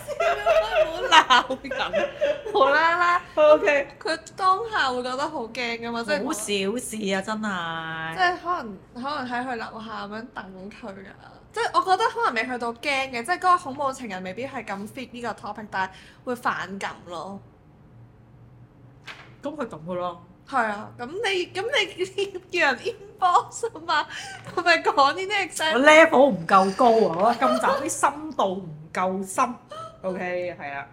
S1: 笑到我鬧咁，無啦啦 OK，佢
S2: 當下會覺得好驚噶嘛，即係好
S1: 小事啊！真係
S2: 即係可能可能喺佢樓下咁樣等佢啊！即係我覺得可能未去到驚嘅，即係嗰個恐怖情人未必係咁 fit 呢個 topic，但係會反感咯。咁佢咁嘅咯。係啊，咁你咁你，你叫人 inbox 啊嘛？係咪我咪講呢啲嘢先。我 level
S1: 唔夠高啊！我今集啲深度唔夠深。 OK，係啊。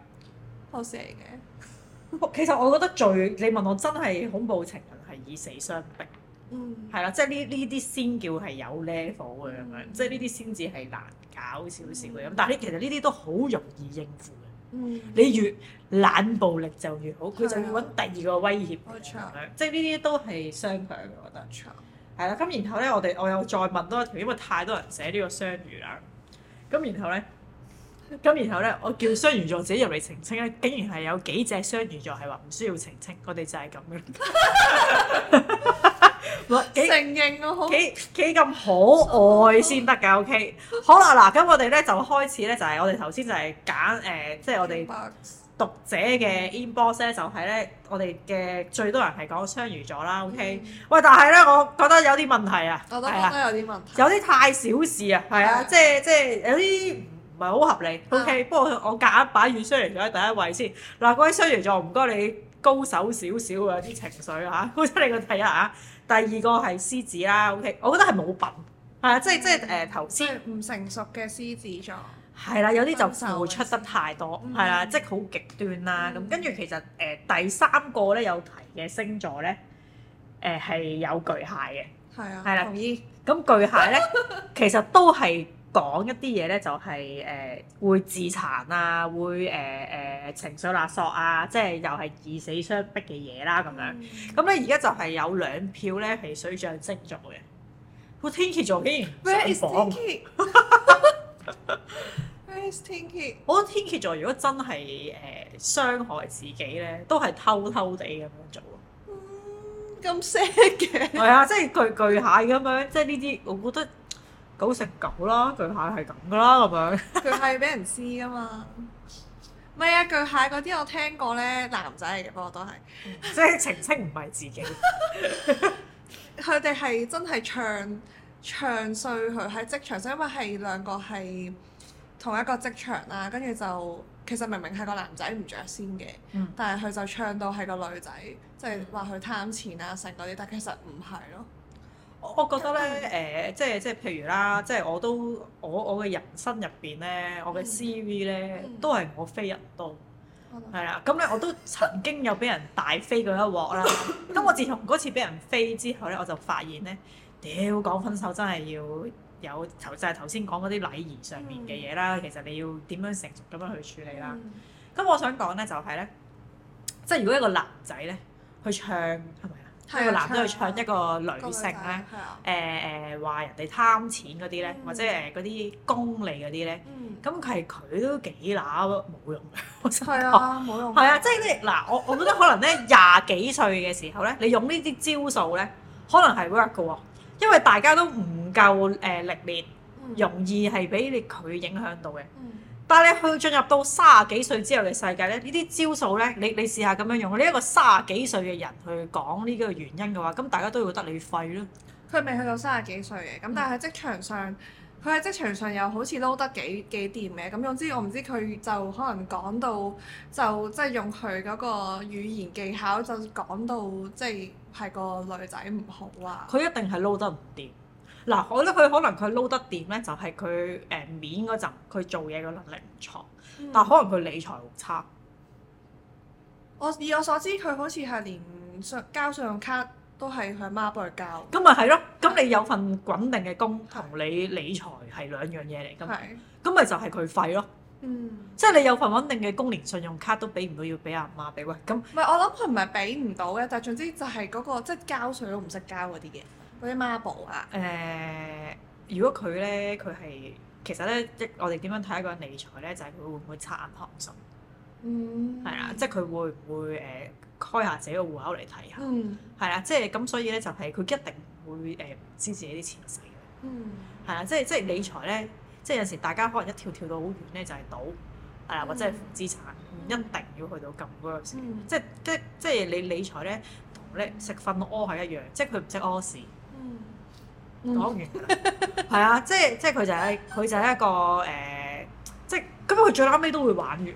S2: 好嚟嘅。
S1: 其實我覺得最你問我真係恐怖情人係以死相逼。嗯，係啦，即係呢呢啲先叫係有 level 嘅咁樣，即係呢啲先至係難搞少少嘅咁。嗯、但係呢其實呢啲都好容易應付嘅。嗯、你越冷暴力就越好，佢就要揾第二個威脅。即係呢啲都係雙向嘅，我覺得。冇錯。係啦，咁、嗯、然後咧，我哋我又再問多一條，因為太多人寫呢個雙魚啦。咁然後咧，咁然後咧，我叫雙魚座自己入嚟澄清咧，竟然係有幾隻雙魚座係話唔需要澄清，我哋就係咁樣。幾承認幾咁可愛先得㗎，OK？ 好啦，嗱，咁我哋咧就開始咧、呃，就係、是、我哋頭先就係揀誒，即係我哋讀者嘅 inbox 咧，就係咧，我哋嘅最多人係講雙魚座啦，OK？、嗯、喂，但係咧，我覺得有啲問題，覺問題啊，得係啊，有啲有啲太小事啊，係啊，即係即係有啲唔係好合理，OK？、啊、不過我夾硬擺住雙魚座喺第一位先。嗱、啊，各位雙魚座，唔該你高手少少啊，啲情緒嚇，高得你個睇一嚇。第二個係獅子啦，OK，我覺得係冇品，係啊，即係、嗯、即係誒頭先唔成熟嘅獅子座，係啦，有啲就就出得太多，係啦，對即係好極端啦。咁、嗯、跟住其實誒、呃、第三個咧有提嘅星座咧，誒、呃、係有巨蟹嘅，係啊，
S2: 係啦的，的同
S1: 意。咁巨蟹咧 其實都係。講一啲嘢咧就係、是、誒、呃、會自殘啊，會誒誒、呃呃、情緒勒索啊，即係又係以死相逼嘅嘢啦咁樣。咁咧而家就係有兩票咧，譬如水象星座嘅。天蠍座竟然？Where is 天蠍？我覺得天蠍座如果真係誒、呃、傷害自己咧，都係偷偷地咁樣做啊。嗯，
S2: 咁 sad 嘅。係啊，即係巨
S1: 巨蟹咁樣，即係呢啲我覺得。狗食狗啦，巨蟹係咁㗎啦，咁樣
S2: 佢係俾人知㗎嘛？唔係啊，巨蟹嗰啲我聽過咧，男仔嚟嘅不過都係、嗯、即係澄清唔係自己，佢哋係真係唱唱衰佢喺職場上，就是、因為係兩個係同一個職場啦。跟住就其實明明係個男仔唔着先嘅，嗯、但係佢就唱到係個女仔，即係話佢貪錢啊、剩嗰啲，但其實唔係咯。
S1: 我覺得咧，誒、呃，即係即係，譬如啦，即係我都我我嘅人生入邊咧，嗯、我嘅 C.V. 咧，嗯、都係我飛人多，係、嗯、啦。咁咧，我都曾經有俾人帶飛過一鑊啦。咁 我自從嗰次俾人飛之後咧，我就發現咧，屌，講分手真係要有頭，就係頭先講嗰啲禮儀上面嘅嘢啦。嗯、其實你要點樣成熟咁樣去處理啦。咁、嗯、我想講咧，就係、是、咧，即係如果一個男仔咧去唱，係咪？
S2: 對個男仔去唱
S1: 一個女性咧，誒誒話人哋貪錢嗰啲咧，嗯、或者誒嗰啲功利嗰啲咧，咁佢係佢都幾乸冇用
S2: 嘅。係 說啊，冇用。係啊， 即係
S1: 咧，嗱，我我覺得可能咧，廿 幾歲嘅時候咧，你用呢啲招數咧，可能係 work 嘅喎、哦，因為大家都唔夠誒歷練，容易係俾你佢影響到嘅。嗯但係你去進入到三十幾歲之後嘅世界咧，呢啲招數咧，你你試下咁樣用，呢一個三十幾歲嘅人去講呢個原因嘅話，咁大家都會覺得你廢咯。
S2: 佢未去到三十幾歲嘅，咁但係喺職場上，佢喺職場上又好似撈得幾幾掂嘅，咁總之我唔知佢就可能講到就，就即係用佢嗰個語言技巧就講到，即係係個女仔唔好啦、啊。
S1: 佢一定係撈得唔掂。嗱，我覺得佢可能佢撈得掂咧，就係佢誒面嗰陣佢做嘢嘅能力唔錯，嗯、但可能佢理財好差。
S2: 我以我所知，佢好似係連上交信用卡都係佢阿媽幫佢交。咁
S1: 咪係咯，咁你有份穩定嘅工同你理財係兩樣嘢嚟㗎，咁咪就係佢廢咯。嗯，即係你有份穩定嘅工，連信用卡都俾唔到要俾阿媽俾，喂咁。
S2: 唔係我諗佢唔係俾唔到嘅，但係總之就係嗰個即係交稅都唔識交嗰啲嘅。嗰啲 m a 啊？
S1: 誒，如果佢咧，佢係其實咧，一我哋點樣睇一個人理財咧？就係、是、佢會唔會擦行眶嗯。係啦，即係佢會唔會誒開下自己個戶口嚟睇下？嗯。係啦，即係咁，所以咧就係佢一定會誒蝕自己啲錢死嘅。嗯。係啦，即係即係理財咧，即係有陣時大家可能一跳跳到好遠咧，就係賭，係啦、嗯，或者係負資產，嗯、一定要去到咁嗰樣嘢。嗯。即係即即係你理財咧，同咧食瞓屙係一樣，即係佢唔識屙屎。講完，係、嗯、 啊，即係即係佢就係、是、佢就係一個誒、呃，即係咁樣，佢最啱尾都會玩完㗎。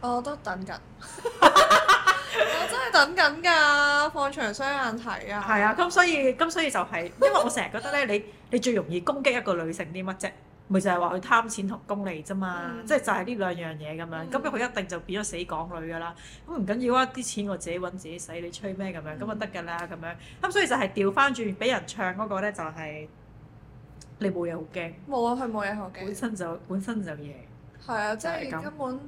S2: 我都等緊 我真係等緊㗎，放長雙眼睇啊， 啊！係
S1: 啊，咁所以咁所以就係、是，因為我成日覺得咧，你你最容易攻擊一個女性啲乜啫？咪就係話佢貪錢同功利啫嘛，嗯、即係就係呢兩樣嘢咁、嗯、樣。咁佢一定就變咗死港女㗎啦。咁唔、嗯、緊要啊，啲錢我自己揾自己使，你吹咩咁樣？咁、嗯、就得㗎啦咁樣。咁所以就係調翻轉，俾人唱嗰個咧就係、是、你冇嘢好驚。
S2: 冇啊，佢冇嘢好驚。本身就本身就嘢。係啊，即係根本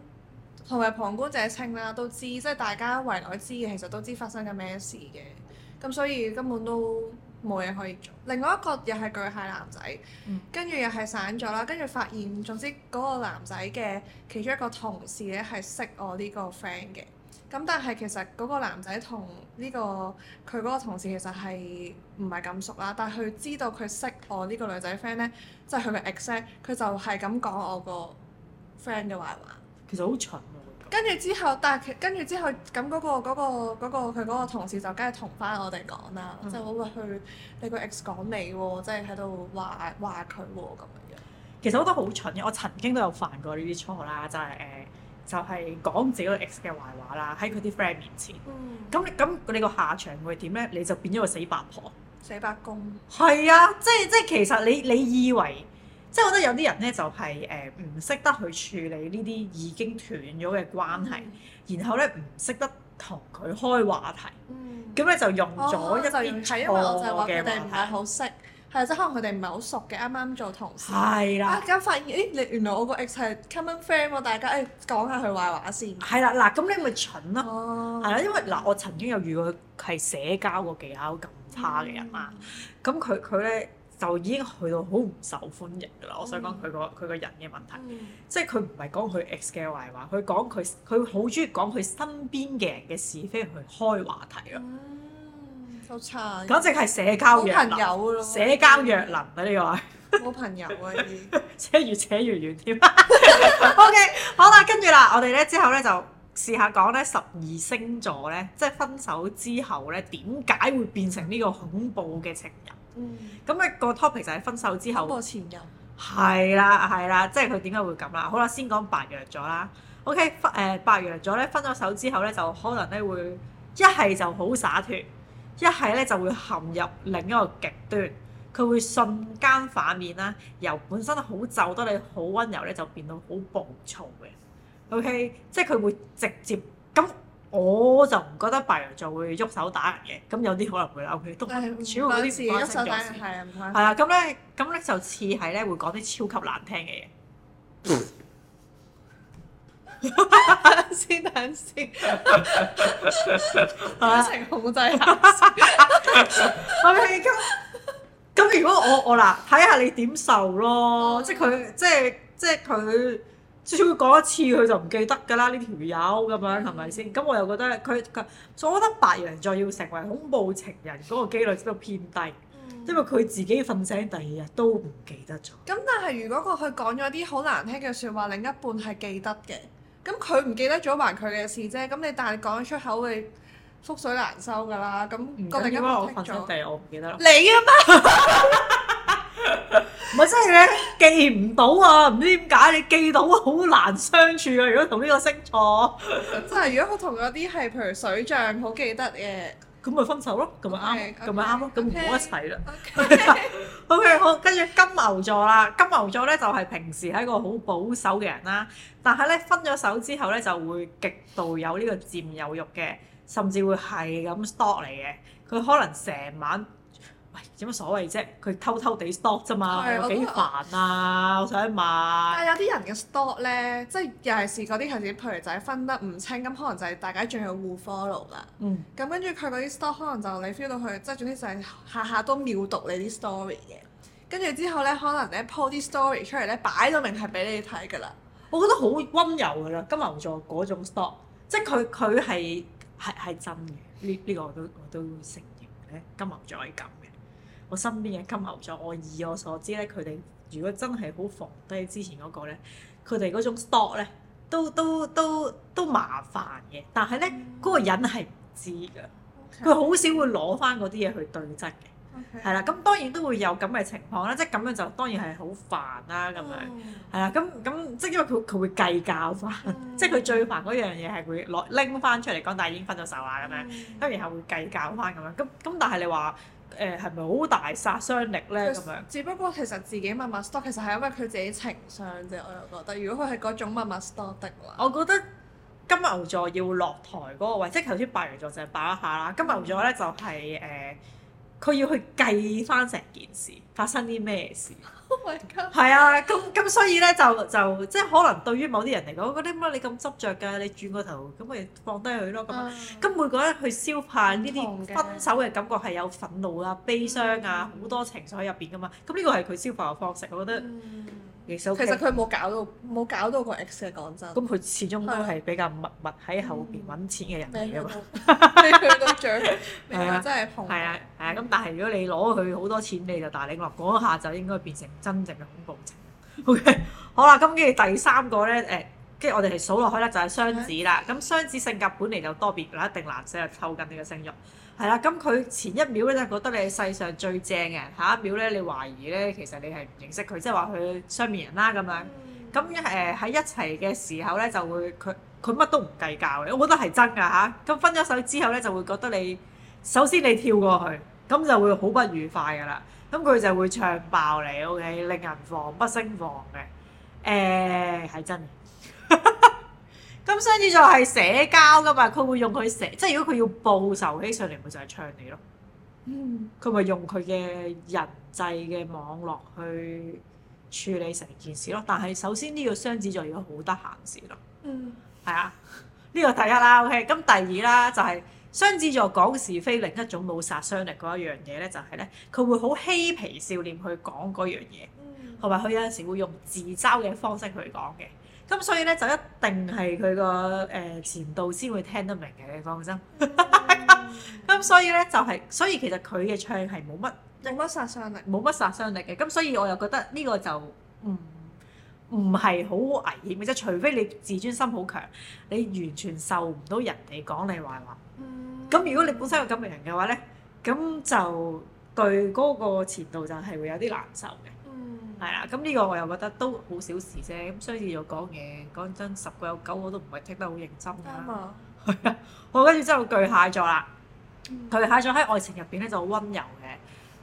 S2: 同埋旁觀者清啦、啊，都知即係大家圍內知嘅，其實都知發生緊咩事嘅。咁所以根本都。冇嘢可以做，另外一個又係巨蟹男仔，嗯，跟住又係散咗啦，跟住發現，總之嗰個男仔嘅其中一個同事咧係識我呢個 friend 嘅，咁但係其實嗰個男仔同呢個佢嗰個同事其實係唔係咁熟啦，但係佢知道佢識我呢個女仔 friend 咧，即係佢嘅 ex，佢就係咁講我個 friend 嘅壞話。
S1: 其實好蠢啊。
S2: 跟住之後，但係跟住之後，咁嗰個嗰個嗰個佢嗰個同事就梗係同翻我哋講啦，就係我話去你個 ex 講你喎，即係喺度話話佢喎咁樣。
S1: 其實我覺得好蠢嘅，我曾經都有犯過呢啲錯啦，就係誒，就係講自己個 ex 嘅壞話啦，喺佢啲 friend 面前。嗯。咁咁你個下場會點咧？你就變咗個死八婆。
S2: 死八公。
S1: 係啊，即係即係其實你你以為？即係我覺得有啲人咧就係誒唔識得去處理呢啲已經斷咗嘅關係，嗯、然後咧唔識得同佢開話題，咁咧、嗯、就用咗一個嘅問題，係因為我就話佢哋唔係
S2: 好識，係即係可能佢哋唔係好熟嘅，啱啱、嗯、做同事，啊咁、啊、發現誒，原來我個 ex 係 common friend 喎，大家誒、哎、講下佢壞話先。係啦，嗱，咁你咪蠢咯，係啦，因為
S1: 嗱、呃、我曾經有遇過佢係社交個技巧咁差嘅人啊，咁佢佢咧。嗯嗯嗯嗯就已經去到好唔受歡迎噶啦！嗯、我想講佢、嗰個佢個人嘅問題，嗯、即係佢唔係講佢 ex 嘅壞話，佢講佢佢好鍾意講佢身邊嘅人嘅是非去開話題咯。
S2: 好慘、嗯，簡直係社交弱朋友社交弱能睇、啊、呢、嗯、個啊冇朋友啊，而
S1: 扯越扯越遠添。 OK，好啦，跟住啦，我哋咧之後咧就試下講咧十二星座咧，即、就、係、是、分手之後咧點解會變成呢個恐怖嘅情人。咁嘅、嗯、個 topic 就係分手之後，前任係啦係啦，即係佢點解會咁啦？好啦，先講白羊座啦。OK，誒、呃、白羊座咧，分咗手之後咧，就可能咧會一係就好灑脱，一係咧就會陷入另一個極端，佢會瞬間反面啦，由本身好就得你好温柔咧，就變到好暴躁嘅。OK，即係佢會直接咁。我就唔覺得白羊就會喐手打人嘅，咁有啲可能會啦，佢都唔少嗰啲唔關心嘅事。喐手打人係啊，咁咧，咁咧就似係咧會講啲超級難聽嘅嘢。
S2: 先等先，
S1: 感
S2: 情控制啊！咁咁，嗯嗯
S1: 嗯 呃、如果我我嗱，睇下你點受咯？即係佢，即係即係佢。最會講一次佢就唔記得㗎啦，呢條友咁樣係咪先？咁我又覺得佢佢，所以我覺得白羊座要成為恐怖情人嗰個機率比較偏低，因為佢自己瞓醒第二日都唔記得咗。
S2: 咁但係如果個佢講咗啲好難聽嘅説話，另一半係記得嘅，咁佢唔記得咗還佢嘅事啫。咁你但係講出口，你覆水難收㗎啦。咁我瞓醒
S1: 第二日我唔記得啦。你啊嘛！ 唔係 真係咧，記唔到啊！唔知點解你記到好難相處啊！如果同呢個星座，
S2: 真係如果佢同有啲係，譬如水象好記得嘅，咁咪 分手咯？咁咪啱，咁咪啱咯？咁唔好一齊啦。
S1: OK，好，跟住金牛座啦，金牛座咧就係、是、平時係一個好保守嘅人啦，但係咧分咗手之後咧就會極度有呢個佔有慾嘅，甚至會係咁 stalk 嚟嘅。佢可能成晚。喂，有乜所謂啫？佢偷偷地 stalk 啫嘛，有幾煩啊！我，我想買。但係
S2: 有啲人嘅 stalk 咧，即係又係是嗰啲係自己 pair 仔分得唔清，咁可能就係大家仲有互 follow 啦。嗯。咁跟住佢嗰啲 stalk 可能就你 feel 到佢，即係總之就係下下都秒讀你啲 story 嘅。跟住之後咧，可能咧 po 啲 story 出嚟咧，擺到明係俾你睇㗎啦。
S1: 我覺得好溫柔㗎啦，金牛座嗰種 stalk，即係佢佢係係係真嘅。呢呢個我都我都承認咧，金牛座係咁。我身邊嘅金牛座，我以我所知咧，佢哋如果真係好防低之前嗰、嗰個咧，佢哋嗰種 stalk 咧，都都都都麻煩嘅。但係咧，嗰、嗯、個人係唔知㗎，佢好 Okay. 少會攞翻嗰啲嘢去對質嘅。係啦 Okay.，咁當然都會有咁嘅情況啦，即係咁樣就當然係好煩啦，咁樣係啦。咁咁即係因為佢佢會計較翻，Okay. 即係佢最煩嗰樣嘢係會攞拎翻出嚟講，但係已經分咗手啊咁樣，咁、mm. 然後會計較翻咁樣。咁咁但係你話？誒係咪好大殺傷力咧？咁只樣，只
S2: 不過其實自己默默 stop，其實係因為佢自己情商啫。我又覺得，如果佢係嗰種默默 stop 的
S1: 話，我覺得金牛座要落台嗰個位，即係頭先白羊座淨係擺一下啦。金牛座咧就係、是、誒，佢、呃、要去計翻成件事，發生啲咩事。係、oh、啊，咁咁所以咧就就，就即係可能對於某啲人嚟講，我覺得乜你咁執着㗎？你轉個頭咁咪放低佢咯。咁咁、uh，每個人去消化呢啲分手嘅感覺係有憤怒啊、悲傷啊好、嗯、多情緒喺入邊㗎嘛。咁呢個係佢消化嘅方式，我覺得。嗯 Okay, 其實佢冇搞到冇
S2: 搞到個 X 嘅，講真。咁佢
S1: 始終都係比較密密喺後邊揾錢嘅人嚟嘅嘛、嗯，你去到獎，
S2: 係啊 真
S1: 係捧。係啊，係啊，咁、啊、但係如果你攞佢好多錢，你就大領落嗰下就應該變成真正嘅恐怖情。OK，好啦，咁跟住第三個咧，誒、欸，跟住我哋嚟數落去咧，就係、是、雙子啦。咁、欸、雙子性格本嚟就多變，一定難寫，抽緊呢個聲音。係啦，咁佢前一秒咧就覺得你係世上最正嘅，下一秒咧你懷疑咧其實你係唔認識佢，即係話佢雙面人啦咁樣。咁誒喺一齊嘅時候咧就會佢佢乜都唔計較嘅，我覺得係真㗎吓，咁分咗手之後咧就會覺得你首先你跳過去，咁就會好不愉快㗎啦。咁佢就會唱爆你，OK，令人防不勝防嘅，誒、呃、係真。咁雙子座係社交㗎嘛，佢會用佢寫，即係如果佢要報仇起上嚟，咪就係唱你咯。佢咪、嗯、用佢嘅人際嘅網絡去處理成件事咯。但係首先呢、呢個雙子座要好得閒事咯。嗯，係啊，呢個第一啦。OK，咁第二啦就係、是、雙子座講是非另一種冇殺傷力嗰一樣嘢咧，就係咧佢會好嬉皮笑臉去講嗰樣嘢，同埋佢有陣時會用自嘲嘅方式去講嘅。咁所以咧就一定係佢個誒前度先會聽得明嘅，你放心。咁 所以咧就係、係，所以其實佢嘅唱係冇乜，冇乜殺傷力，冇乜殺傷力嘅。咁所以我又覺得呢個就唔唔係好危險嘅，即除非你自尊心好強，你完全受唔到人哋講你壞話。咁、嗯、如果你本身係咁嘅人嘅話咧，咁就對嗰個前度就係會有啲難受嘅。係啦，咁呢個我又覺得都好小事啫，咁所以又講嘢講真十個有九我都唔係聽得好認真㗎。係啊吧，我跟住之後巨蟹座啦。巨、嗯、蟹座喺愛情入邊咧就好溫柔嘅，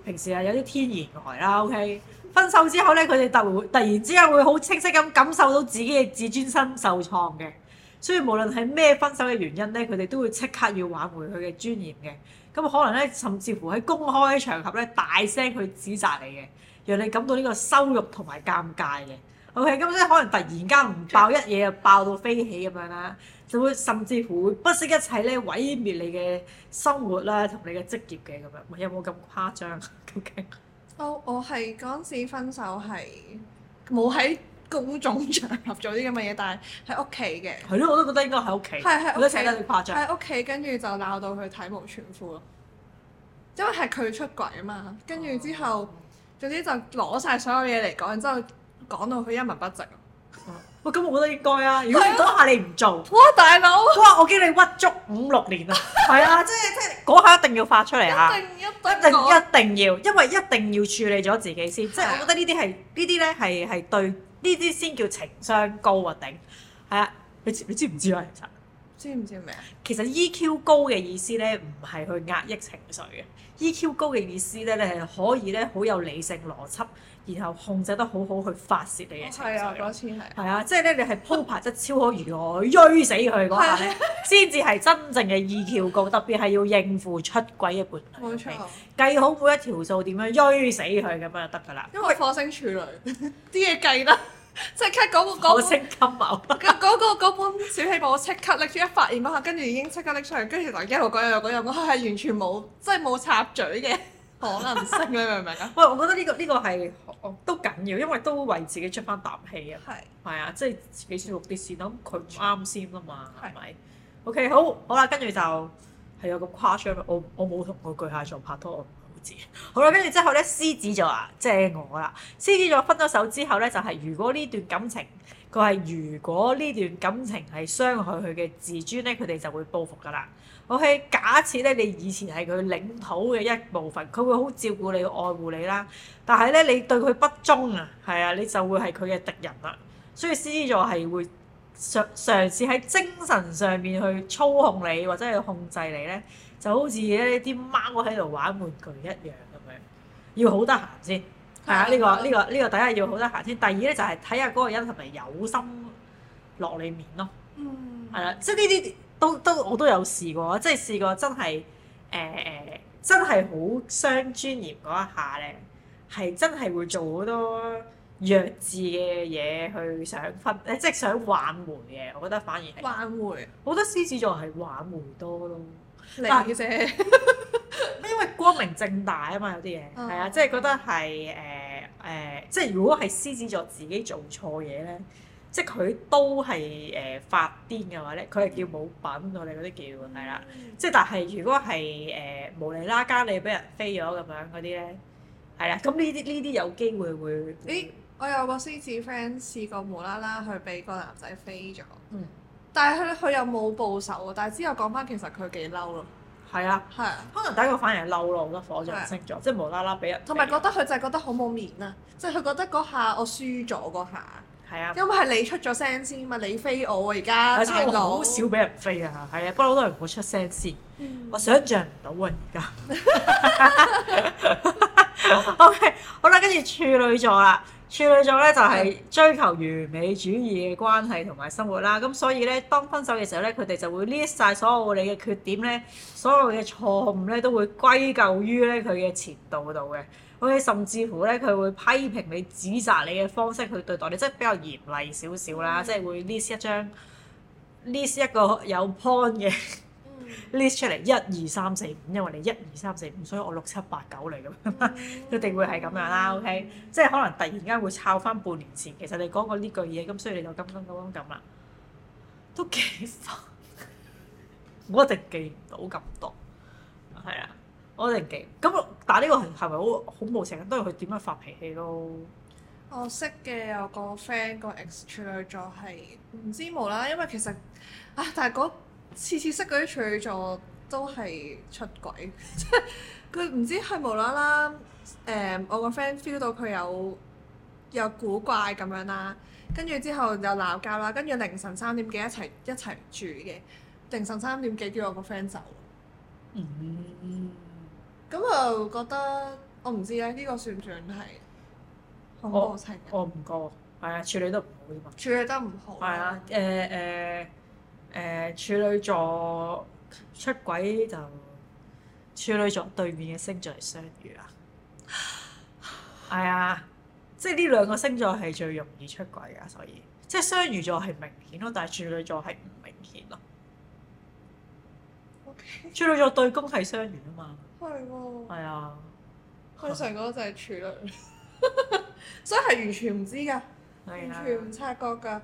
S1: 平時啊有啲天然呆啦。OK，分手之後咧佢哋就突然之間會好清晰咁感受到自己嘅自尊心受創嘅，所以無論係咩分手嘅原因咧，佢哋都會即刻要挽回佢嘅尊嚴嘅。咁可能咧甚至乎喺公開場合咧大聲去指責你嘅。讓你感到呢個羞辱同埋尷尬嘅，OK？咁即係可能突然間唔爆一嘢，就 爆到飛起咁樣啦，就會甚至乎不惜一切咧毀滅你嘅生活啦，同你嘅職業嘅咁樣，有冇咁誇張？究、okay? 竟、哦？
S2: 我我係嗰陣時分手係冇喺公眾場合做啲咁嘅嘢，但係喺屋企嘅。係
S1: 咯、嗯，我都覺得應該喺屋企。係係，覺得寫得誇張。喺
S2: 屋企跟住就鬧到佢體無完膚咯，因為係佢出軌啊嘛，跟住之後、嗯。總之就攞晒所有嘢嚟講，然之後講到佢一文不值。啊、
S1: 哇！咁我覺得應該啊。如果你嗰下你唔做，哇大佬！哇，我驚你屈足五六年 啊！係啊，即係即係嗰下一定要發出嚟啊！一定一,一定要，因為一定要處理咗自己先。即係、啊、我覺得呢啲係呢啲咧係係對呢啲先叫情商高啊！頂係啊！你你知唔知啊？其實知唔知咩啊？其實 EQ 高嘅意思咧，唔係去壓抑情緒嘅。EQ 高嘅意思咧，你係可以咧好有理性、邏輯，然後控制得好好去發泄你嘅情緒。係、哦、啊，嗰次係。係啊，即係咧，你係鋪排得超可預外，摧 死佢嗰下咧，先至係真正嘅 EQ 高。特別係要應付出軌嘅伴侶，冇錯 okay? 計好每一條數，點樣摧死佢咁樣就得㗎啦。因
S2: 為火星處女，啲嘢 計得。 即刻講、嗰個講本，嗰、嗰個嗰、嗰個嗰個、本小氣，我即刻拎出一發現下，跟住已經即刻拎出嚟，跟住大家又講又講又佢係完全冇，即係冇插嘴嘅可能性， 你明唔明
S1: 啊？喂，我覺得呢、呢個呢、呢個係都緊要，因為都會為自己出翻啖氣啊。係係是啊，即係幾少錄啲線，諗佢啱先啦嘛，係咪是？OK，好，好啦，跟住就係有個誇張，我我冇同個巨蟹座拍拖。好啦，跟住之後咧，獅子座啊，即係我啦。獅子座分咗手之後咧，就係、是、如果呢段感情，佢係如果呢段感情係傷害佢嘅自尊咧，佢哋就會報復噶啦。OK，假設咧，你以前係佢領土嘅一部分，佢會好照顧你、愛護你啦。但係咧，你對佢不忠啊，係啊，你就會係佢嘅敵人啦。所以獅子座係會嘗嘗試喺精神上面去操控你或者去控制你咧。就好似咧啲貓喺度玩玩具一樣咁樣，要好得閒先。係啊，呢個呢個呢個第一要好得閒先，第二咧就係睇下嗰個人係咪有心落你面咯。嗯，係啦，即係呢啲都都我都有試過，即係試過真係誒誒，真係好傷尊嚴嗰一下咧，係真係會做好多弱智嘅嘢去想分，即係想挽回嘅。我覺得反而係挽回好多獅子座係挽回多咯。嗱，嘅啫但， 因為光明正大啊嘛，有啲嘢，係啊，即係覺得係誒誒，即係如果係獅子座自己做錯嘢咧，即係佢都係誒、呃、發癲嘅話咧，佢係叫冇品我哋嗰啲叫係啦。即係、嗯、但係如果係誒無釐啦加你俾人飛咗咁樣嗰啲咧，係啦。咁呢啲呢啲有機會會、會？咦，
S2: 我有個獅子 friend 試過無啦啦去俾個男仔飛咗。嗯。但係佢佢又冇報仇喎，但係之後講翻其實佢幾嬲咯。係啊，係啊。
S1: 可能第一個反而係嬲咯，覺得火就熄咗，即係無啦啦俾人，
S2: 同埋覺得佢就係覺得好冇面啊，即係佢覺得嗰下我輸咗嗰下。
S1: 係啊。因為係你
S2: 出咗聲先嘛，你飛我而家太耐。好少
S1: 俾人飛啊，係啊，不過好多人唔冇出聲
S2: 先，我想
S1: 像唔到啊而家。OK，好啦，跟住處女座啦。處女座咧就係追求完美主義嘅關係同埋生活啦，咁所以咧當分手嘅時候咧，佢哋就會 list 曬所有你嘅缺點咧，所有嘅錯誤咧都會歸咎於咧佢嘅前度度嘅，OK 甚至乎咧佢會批評你、指責你嘅方式去對待你，即係比較嚴厲少少啦，嗯、即係會 list 一張 list 一個有 point 嘅。list 出嚟一二三四五，1, 2, 3, 4, 5, 因為你一二三四五，所以我六七八九嚟咁， 一定會係咁樣啦。OK，即係可能突然間會抄翻半年前，其實你講過呢句嘢，咁所以你就咁噉噉噉噉啦，都幾煩， 我一定記唔到咁多，係啊，我一直記。咁啊，但係呢個係咪好好無情？都係佢點樣發脾氣咯。
S2: 我識嘅有個 friend 個 ex 處女座係唔知無啦，因為其實啊，但係嗰、那個。次次識嗰啲處女座都係出軌 無無，即係佢唔知佢無啦啦誒，我個 friend feel 到佢有有古怪咁樣啦，跟住之後就鬧交啦，跟住凌晨三點幾一齊一齊住嘅，凌晨三點幾叫我個 friend 走，咁又、嗯、覺得我唔知咧，呢個算唔算係恐怖情？我唔覺，係啊，處理都唔好嘛，處理得
S1: 唔好，係啊，誒誒。呃呃誒、呃、處女座出軌就處女座對面嘅星座係雙魚啊，係啊，即係呢兩個星座係最容易出軌㗎，所以即係雙魚座係明顯咯，但係處女座係唔明顯咯。O Okay. 處女座對宮係雙魚啊嘛，
S2: 係喎，係啊，佢成個就係處女，所以係完全唔知㗎，Yeah. 完全唔察覺㗎，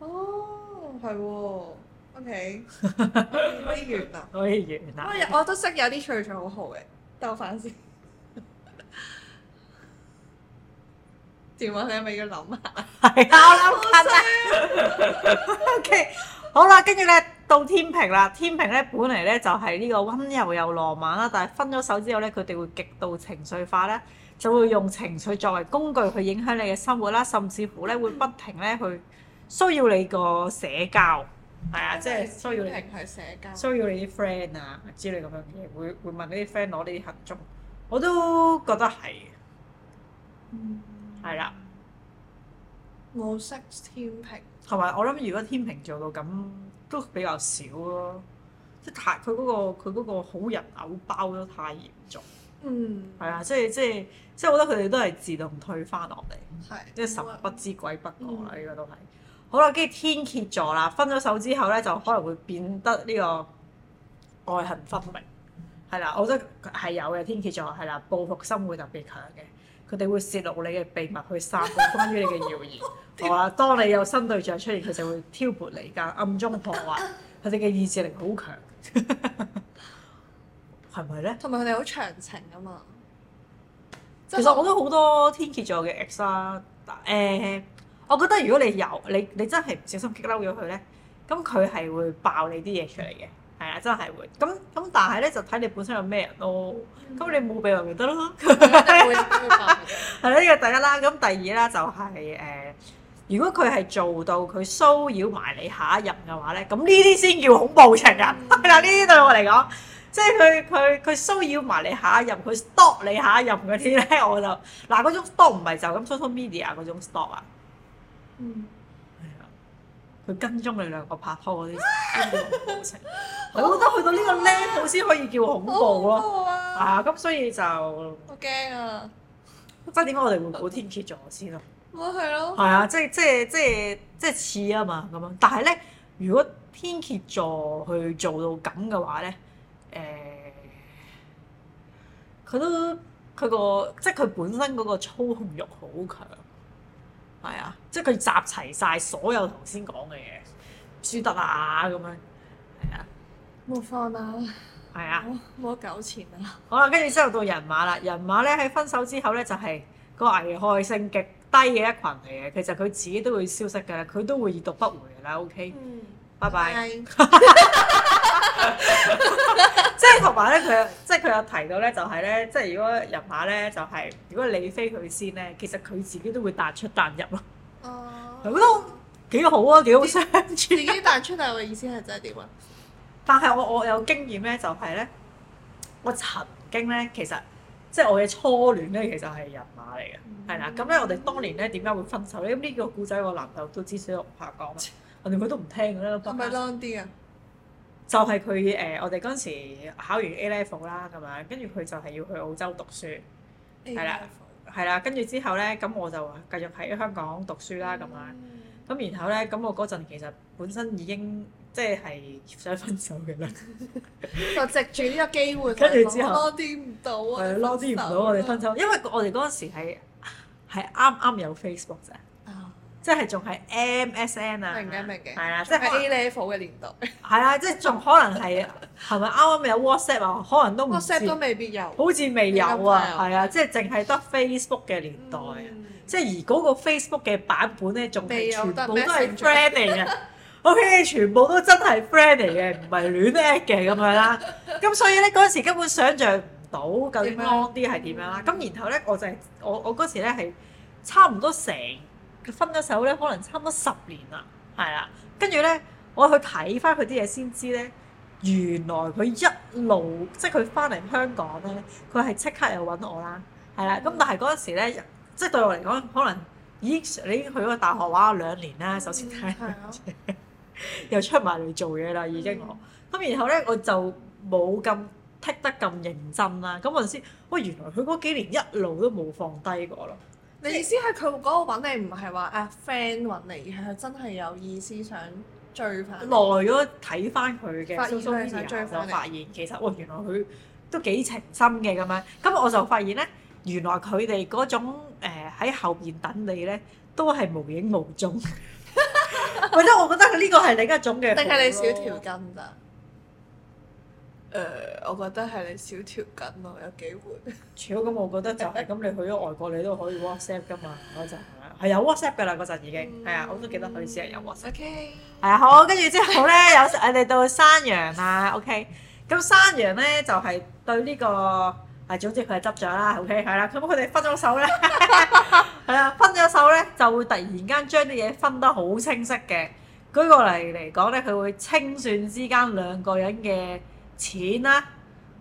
S2: 哦、oh，係喎。
S1: O K，可以完啦，可以
S2: 完啦。我都識有啲趣趣好好嘅，兜返先。 電話聽唔係要諗下，係啊的，哎、呀我諗下啦。
S1: o、okay. K，好啦，跟住咧到天平啦。天平咧本嚟咧就係、是、呢個溫柔又浪漫啦，但係分咗手之後咧，佢哋會極度情緒化咧，就會用情緒作為工具去影響你嘅生活啦，甚至乎咧會不停咧去需要你個社交。係啊，嗯、即係是需要你朋友、啊，社交，需要你啲 friend 啊之類咁樣嘅，嘢，會問嗰啲 friend 攞呢啲行蹤，我都覺得係。嗯。係啦的。
S2: 我識天平。
S1: 同埋我諗，如果天平做到咁，嗯、都比較少咯。即係太佢嗰個佢嗰個好人偶包都太嚴重。嗯。係啊，即係即係即係，我覺得佢哋都係自動退翻落嚟。係、嗯。嗯、即係神不知鬼不覺啦，依個都係。好啦，跟住天蠍座啦，分咗手之後咧，就可能會變得呢個愛恨分明，係啦，我覺得係有嘅。天蠍座係啦，報復心會特別強嘅，佢哋會泄露你嘅秘密，去散布關於你嘅謠言。好啦 當你有新對象出現，佢就會挑撥離間，暗中破壞。佢哋嘅意志力好強，係咪咧？同埋佢哋好長情啊嘛。其實我都好多天蠍座嘅 ex 啦，誒。我覺得如果你有你你真係唔小心激嬲咗佢咧，咁佢係會爆你啲嘢出嚟嘅，係啊、嗯，真係會。咁咁但係咧就睇你本身有咩人咯，咁、嗯、你冇避諱咪得咯。係呢個第一啦，咁第二啦就係、是、誒、呃，如果佢係做到佢騷擾埋你下一任嘅話咧，咁呢啲先叫恐怖情人係啦。呢啲、嗯、 對我嚟講，即係佢佢佢騷擾埋你下一任，佢 stalk 你下一任嗰啲咧，我就嗱嗰種 stalk 唔係就咁 social media 嗰種 stalk 啊。嗯，係啊、嗯，佢跟蹤你兩個拍拖嗰啲過
S2: 程，
S1: 我覺得去到呢個 level 先可以叫恐怖咯。啊，
S2: 咁、啊
S1: 啊、所以就好驚啊！即係點解我哋會估天蠍座先啊？
S2: 咪係咯，係啊、嗯嗯，即係即
S1: 係即係即係似啊嘛咁樣，但係咧，如果天蠍座去做到咁嘅話咧，誒、欸，佢都佢個，即係佢本身嗰個操控欲好強。係啊，即係佢集齊晒所有頭先講嘅嘢，輸得啊咁樣，係
S2: 啊，冇放啊，
S1: 係啊的，
S2: 冇糾纏啊。
S1: 好啦，跟住之後到人馬啦，人馬咧喺分手之後咧就係、是、個危害性極低嘅一群嚟嘅，其實佢自己都會消失㗎啦，佢都會已讀不回㗎啦，OK、嗯。拜拜。即係同埋咧，佢即係佢有提到咧、就是，就係咧，即係如果人馬咧，就係、是、如果你飛佢先咧，其實佢自己都會彈出彈入咯。哦、啊，我覺得幾好啊，幾好相處。自己彈出彈入嘅意思係即係點啊？但係我我有經驗咧，就係、是、咧，我曾經咧，其實即係我嘅初戀咧，其實係人馬嚟嘅，係啦、嗯。咁咧，我哋當年咧，點解會分手咧？咁呢個故仔，我男導都知，所以唔怕講。我哋佢都唔聽噶啦，係咪 long 啲啊？就係佢誒，我哋嗰陣時考完 A level 啦，咁樣跟住佢就係要去澳洲讀書，
S2: 係啦，
S1: 係啦。跟住之後咧，咁我就繼續喺香港讀書啦，咁樣。咁然後咧，咁我嗰陣其實本身已經即係想分手嘅啦，
S2: 就藉住呢個機會。跟住之後，load 唔到啊！係啊，load 唔到，我哋分
S1: 手。因為我哋嗰陣時係係啱啱有 Facebook 啫。即係仲係 MSN 啊，明
S2: 嘅明嘅，係啦，即係 A level
S1: 嘅年代。係啊，即係仲可能係係咪啱啱未有 WhatsApp 啊？可能都唔知，WhatsApp 都未必有，好似未有啊，係啊，即係淨係得 Facebook 嘅年代。啊。即係而嗰個 Facebook 嘅版本咧，仲係全部都係 friend 嚟嘅。O.K. 全部都真係 friend 嚟嘅，唔係亂 add 嘅咁樣啦。咁所以咧，嗰陣時根本想象唔到究竟安啲係點樣啦。咁然後咧，我就係我我嗰時咧係差唔多成。分咗手咧，可能差唔多十年啦，係啦，跟住咧，我去睇返佢啲嘢先知咧，原來佢一路、嗯、即係佢返嚟香港咧，佢係即刻又揾我啦，係啦，咁、嗯、但係嗰陣時咧，即係對我嚟講，可能已經你已經去咗大學玩咗兩年啦，首先係，嗯嗯、 又出埋嚟做嘢啦，已經我，咁、嗯、然後咧，我就冇咁剔得咁認真啦，咁我先，喂，原來佢嗰幾年一路都冇放低過咯。
S2: 你意思係佢嗰個揾你唔係話啊 friend 揾你，而係佢真係有意思想追翻。耐
S1: 咗睇翻佢嘅，發現佢想, So、so、想發現其實哇，原來佢都幾情深嘅咁樣。咁我就發現咧，原來佢哋嗰種喺、呃、後邊等你咧，都係無影無蹤。或 者 我覺得佢呢個係另一種嘅，定係你少條筋咋？誒、呃，我覺得係你少條筋咯，有機會。超咁，我覺得就係咁，你去咗外國，你都可以 WhatsApp 噶嘛，嗰陣，係有 WhatsApp 嘅啦嗰陣已經，係、嗯、啊，我都記得佢先日
S2: 有 WhatsApp。O K。
S1: 係啊，好，跟住之後咧， 有我哋到山羊啦。O、okay、K。咁山羊咧就係、是、對呢、這個，誒、啊，總之佢係執咗啦。O、okay? K、啊。係啦，咁佢哋分咗手咧，係啊，分咗手咧就會突然間將啲嘢分得好清晰嘅。舉個例嚟嚟講咧，佢會清算之間兩個人嘅。錢啦、啊，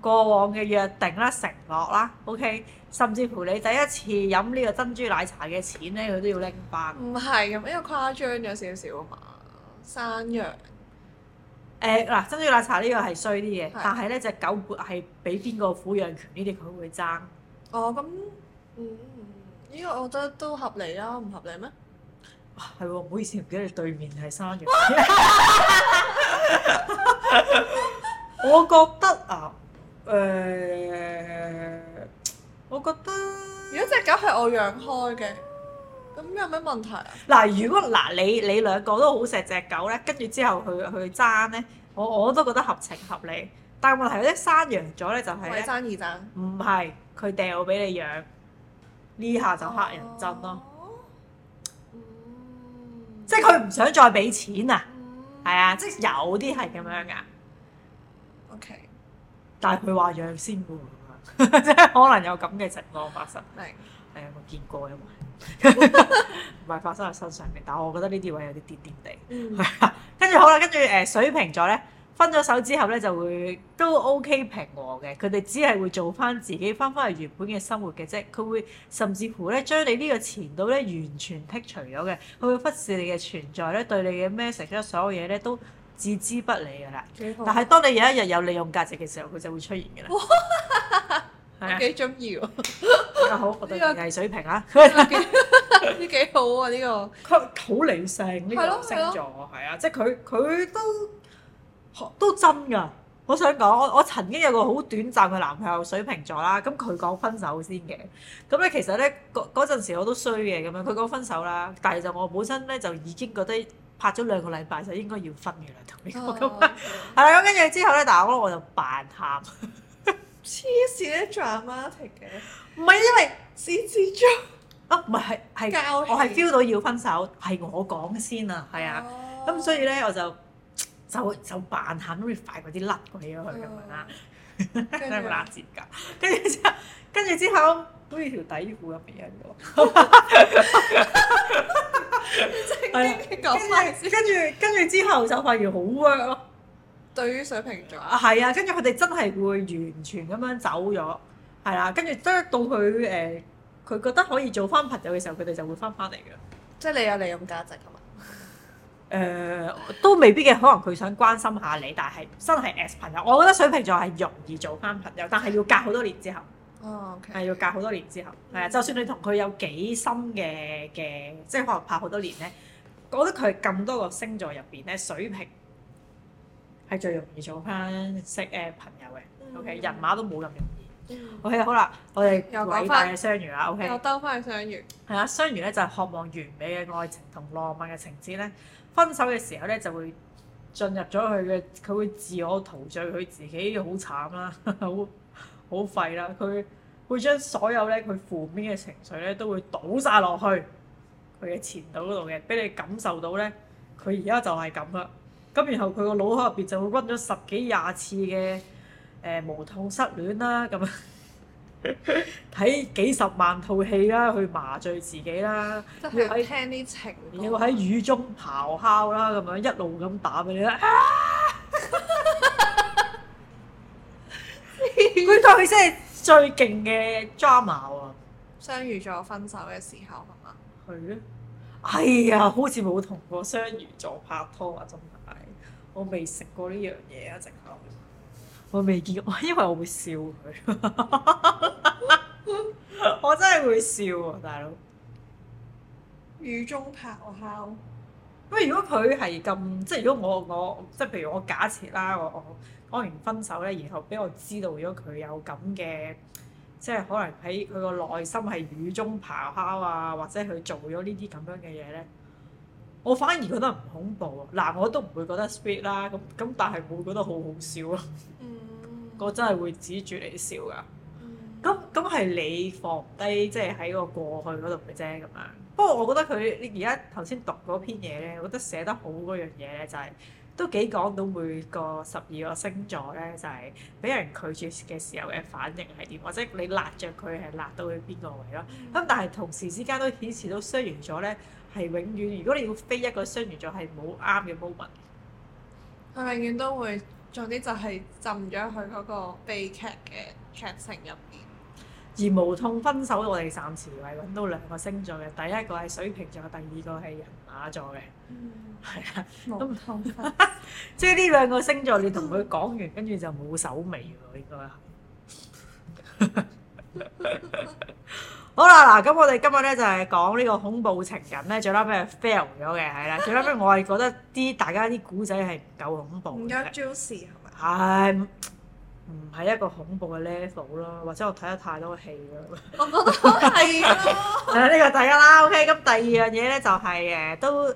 S1: 過往嘅約定啦、啊，承諾啦、啊、，OK，甚至乎你第一次飲呢個珍珠奶茶嘅錢咧，佢都要拎翻。
S2: 唔係咁，因為誇張咗少少啊嘛，
S1: 山羊。誒嗱、欸，的珍珠奶茶個的呢個係衰啲嘅，但係咧隻狗係俾邊個撫養權呢啲佢會爭。
S2: 哦，咁，嗯，呢、這個我覺得都合理啦，唔合理咩？
S1: 係喎、啊，唔、哦、好意思，唔記得你對面係山羊。 我覺得啊，誒、呃，
S2: 我覺得如果隻狗係我養開嘅，咁有咩問題啊？
S1: 嗱、啊，如果嗱、啊、你你兩個都好錫隻狗咧，跟住之後去去爭咧，我我都覺得合情合理。但係問題咧，生完咗咧就係咧，唔係佢掉俾你養，呢下就黑人憎咯。啊、即係佢唔想再俾錢啊？係、嗯、啊，即係有啲係咁樣㗎。但係佢話養仙姑啊，即 係可能有咁嘅情況發生。係， 有冇見過？因為唔係發生喺身上嘅， 但係我覺得呢啲位有啲跌跌地，係 跟住好啦，跟住誒、呃、水瓶座咧，分咗手之後咧就會都 OK 平和嘅。佢哋只係會做翻自己，翻翻去原本嘅生活嘅啫。佢會甚至乎咧將你呢個前度咧完全剔除咗嘅，佢會忽視你嘅存在咧，對你嘅 message 咧所有嘢咧都。置之不理嘅啦，
S2: 啊、但係當你有一
S1: 日有利用價值嘅時候，佢就會出現嘅啦。我幾中意喎，呢個係水瓶啊，
S2: 呢幾 好啊呢、呢個，
S1: 佢好理性呢、呢個星座，係啊，啊，啊，啊，即係佢佢都都真㗎。我想講，我曾經有個好短暫嘅男朋友水瓶座啦，咁佢講分手先嘅。咁咧其實咧嗰嗰陣時我都衰嘅，咁樣佢講分手啦，但係就我本身咧就已經覺得。拍咗兩個禮拜就應該要分嘅啦，同你講咁啊，係啦，咁跟住之後咧，但係學我我就扮喊，
S2: 黐線啊！做阿媽食嘅，
S1: 唔係因為先至做啊，唔係係係我係 feel 到要分手，係我講先啊，係啊，咁所以咧我就就就扮喊，好似快啲甩鬼咗去咁啊，有冇、oh. 樣 辣截㗎？跟 住之後，跟住之後，好似條底褲入邊咁。
S2: 係啦，跟住
S1: 跟住之後就發現好 work 咯。
S2: 對於水瓶座啊，係
S1: 啊，跟住佢哋真係會完全咁樣走咗，係啦、啊，跟住都到佢誒，佢、呃、覺得可以做翻朋友嘅時候，佢哋就會翻翻嚟嘅。
S2: 即係你有利用價值係嘛？誒、 呃，
S1: 都未必嘅，可能佢想關心下你，但係真係 as 朋友。我覺得水瓶座係容易做翻朋友，但係要隔好多年之後。 哦，係、oh, okay. 要隔好多年之後，係啊、嗯，就算你同佢有幾深嘅嘅，即係可能拍好多年咧，我覺得佢咁多個星座入邊咧，水瓶係最容易做翻識誒朋友嘅、嗯、OK，人馬都冇咁容易。OK，好啦，我哋、okay? 又講翻嘅雙魚啦，OK，又
S2: 兜翻去雙魚，
S1: 係啊，雙魚咧就係、是、渴望完美嘅愛情同浪漫嘅情節咧，分手嘅時候咧就會進入咗佢嘅，佢會自我陶醉，佢自己好慘啦，好。 好廢啦！佢會將所有咧佢負面嘅情緒咧都會倒晒落去佢嘅前度嗰度嘅，俾你感受到咧佢而家就係咁啦。咁然後佢個腦殼入邊就會温咗十幾廿次嘅誒、呃、無痛失戀啦，咁樣睇 幾十萬套戲啦，去麻醉自己啦。即係喺
S2: 聽啲情歌。你要喺雨
S1: 中咆哮啦，咁樣一路咁打俾你啦。啊 佢佢真係最勁嘅 drama 啊！
S2: 雙魚座分手嘅時候係嘛？係啊！係、哎呀！好似冇同過雙魚座
S1: 拍拖啊。真係，我未食過呢樣嘢啊！直頭，我未見過，我因為我會笑佢， 我真係會笑啊！大佬，
S2: 雨中拍咆哮。
S1: 喂，如果佢係咁，即係如果我我即係譬如我假設啦，我我。當完分手咧，然後俾我知道咗佢有咁嘅，即係可能喺佢個內心係雨中咆哮啊，或者佢做咗呢啲咁樣嘅嘢咧，我反而覺得唔恐怖嗱，我都唔會覺得 sweet 啦，咁咁但係會覺得好好笑咯。 我真係會指住你笑噶。嗯，咁咁係你放低，即係喺個過去嗰度嘅啫。咁樣。不過我覺得佢而家頭先讀嗰篇嘢咧，我覺得寫得好嗰樣嘢咧就係。都幾講到每個十二個星座呢，就係、是、俾人拒絕嘅時候嘅反應係點，或者你辣着佢係辣到去邊個位咯？咁、嗯、但係同時之間都顯示到雙魚座呢係永遠，如果你要飛一個雙魚座係冇啱嘅 moment，
S2: 佢永遠都會。總之就係浸咗去嗰個悲劇嘅劇情入邊。
S1: 而無痛分手，我哋暫時係揾到兩個星座嘅，第一個係水瓶座，第二個係人馬座嘅。嗯係啊，都唔痛即係呢兩個星座，你同佢講完，跟住就冇手尾喎，應該。 好啦，嗱，咁我哋今日咧就係、係、講呢個恐怖情人咧，最後尾係 fail 咗嘅，係啦。最後尾我係覺得啲大家啲古仔係唔夠恐怖，唔夠 juicy 係咪？係唔係一個恐怖嘅 level 咯？或者我睇得太多戲咯？我
S2: 覺
S1: 得係咯。呢、呢個第一啦，OK。咁第二樣嘢咧就係、係、誒都。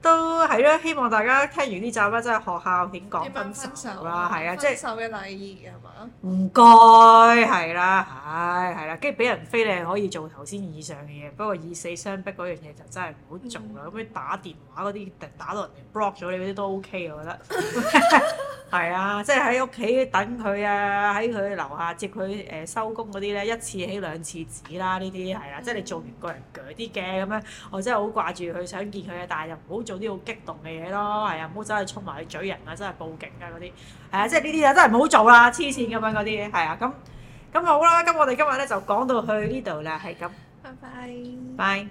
S1: 都係咯，希望大家聽完呢集咧，真係學校片講分手啦，係啊，即係分手
S2: 嘅禮儀係嘛？
S1: 唔該，係啦，係係啦，跟住俾人飛你可以做頭先以上嘅嘢，不過以死相逼嗰樣嘢就真係唔好做啦。咁你打電話嗰啲，打到人哋 block 咗你嗰啲都 OK，我覺得。係啊，即係喺屋企等佢啊，喺佢樓下接佢誒收工嗰啲咧，一次起兩次止啦，呢啲係啊，即係你做完個人舉啲嘅咁樣，我真係好掛住佢，想見佢啊，但係又唔好。做啲好激動嘅嘢咯，係、哎、啊，唔好走去衝埋去嘴人啊，真係報警啊嗰啲，係啊，即係呢啲啊，真係唔好做啦，黐線咁樣嗰啲，係啊，咁咁好啦，咁我哋今日咧就講到去呢度啦，係咁，拜拜，拜。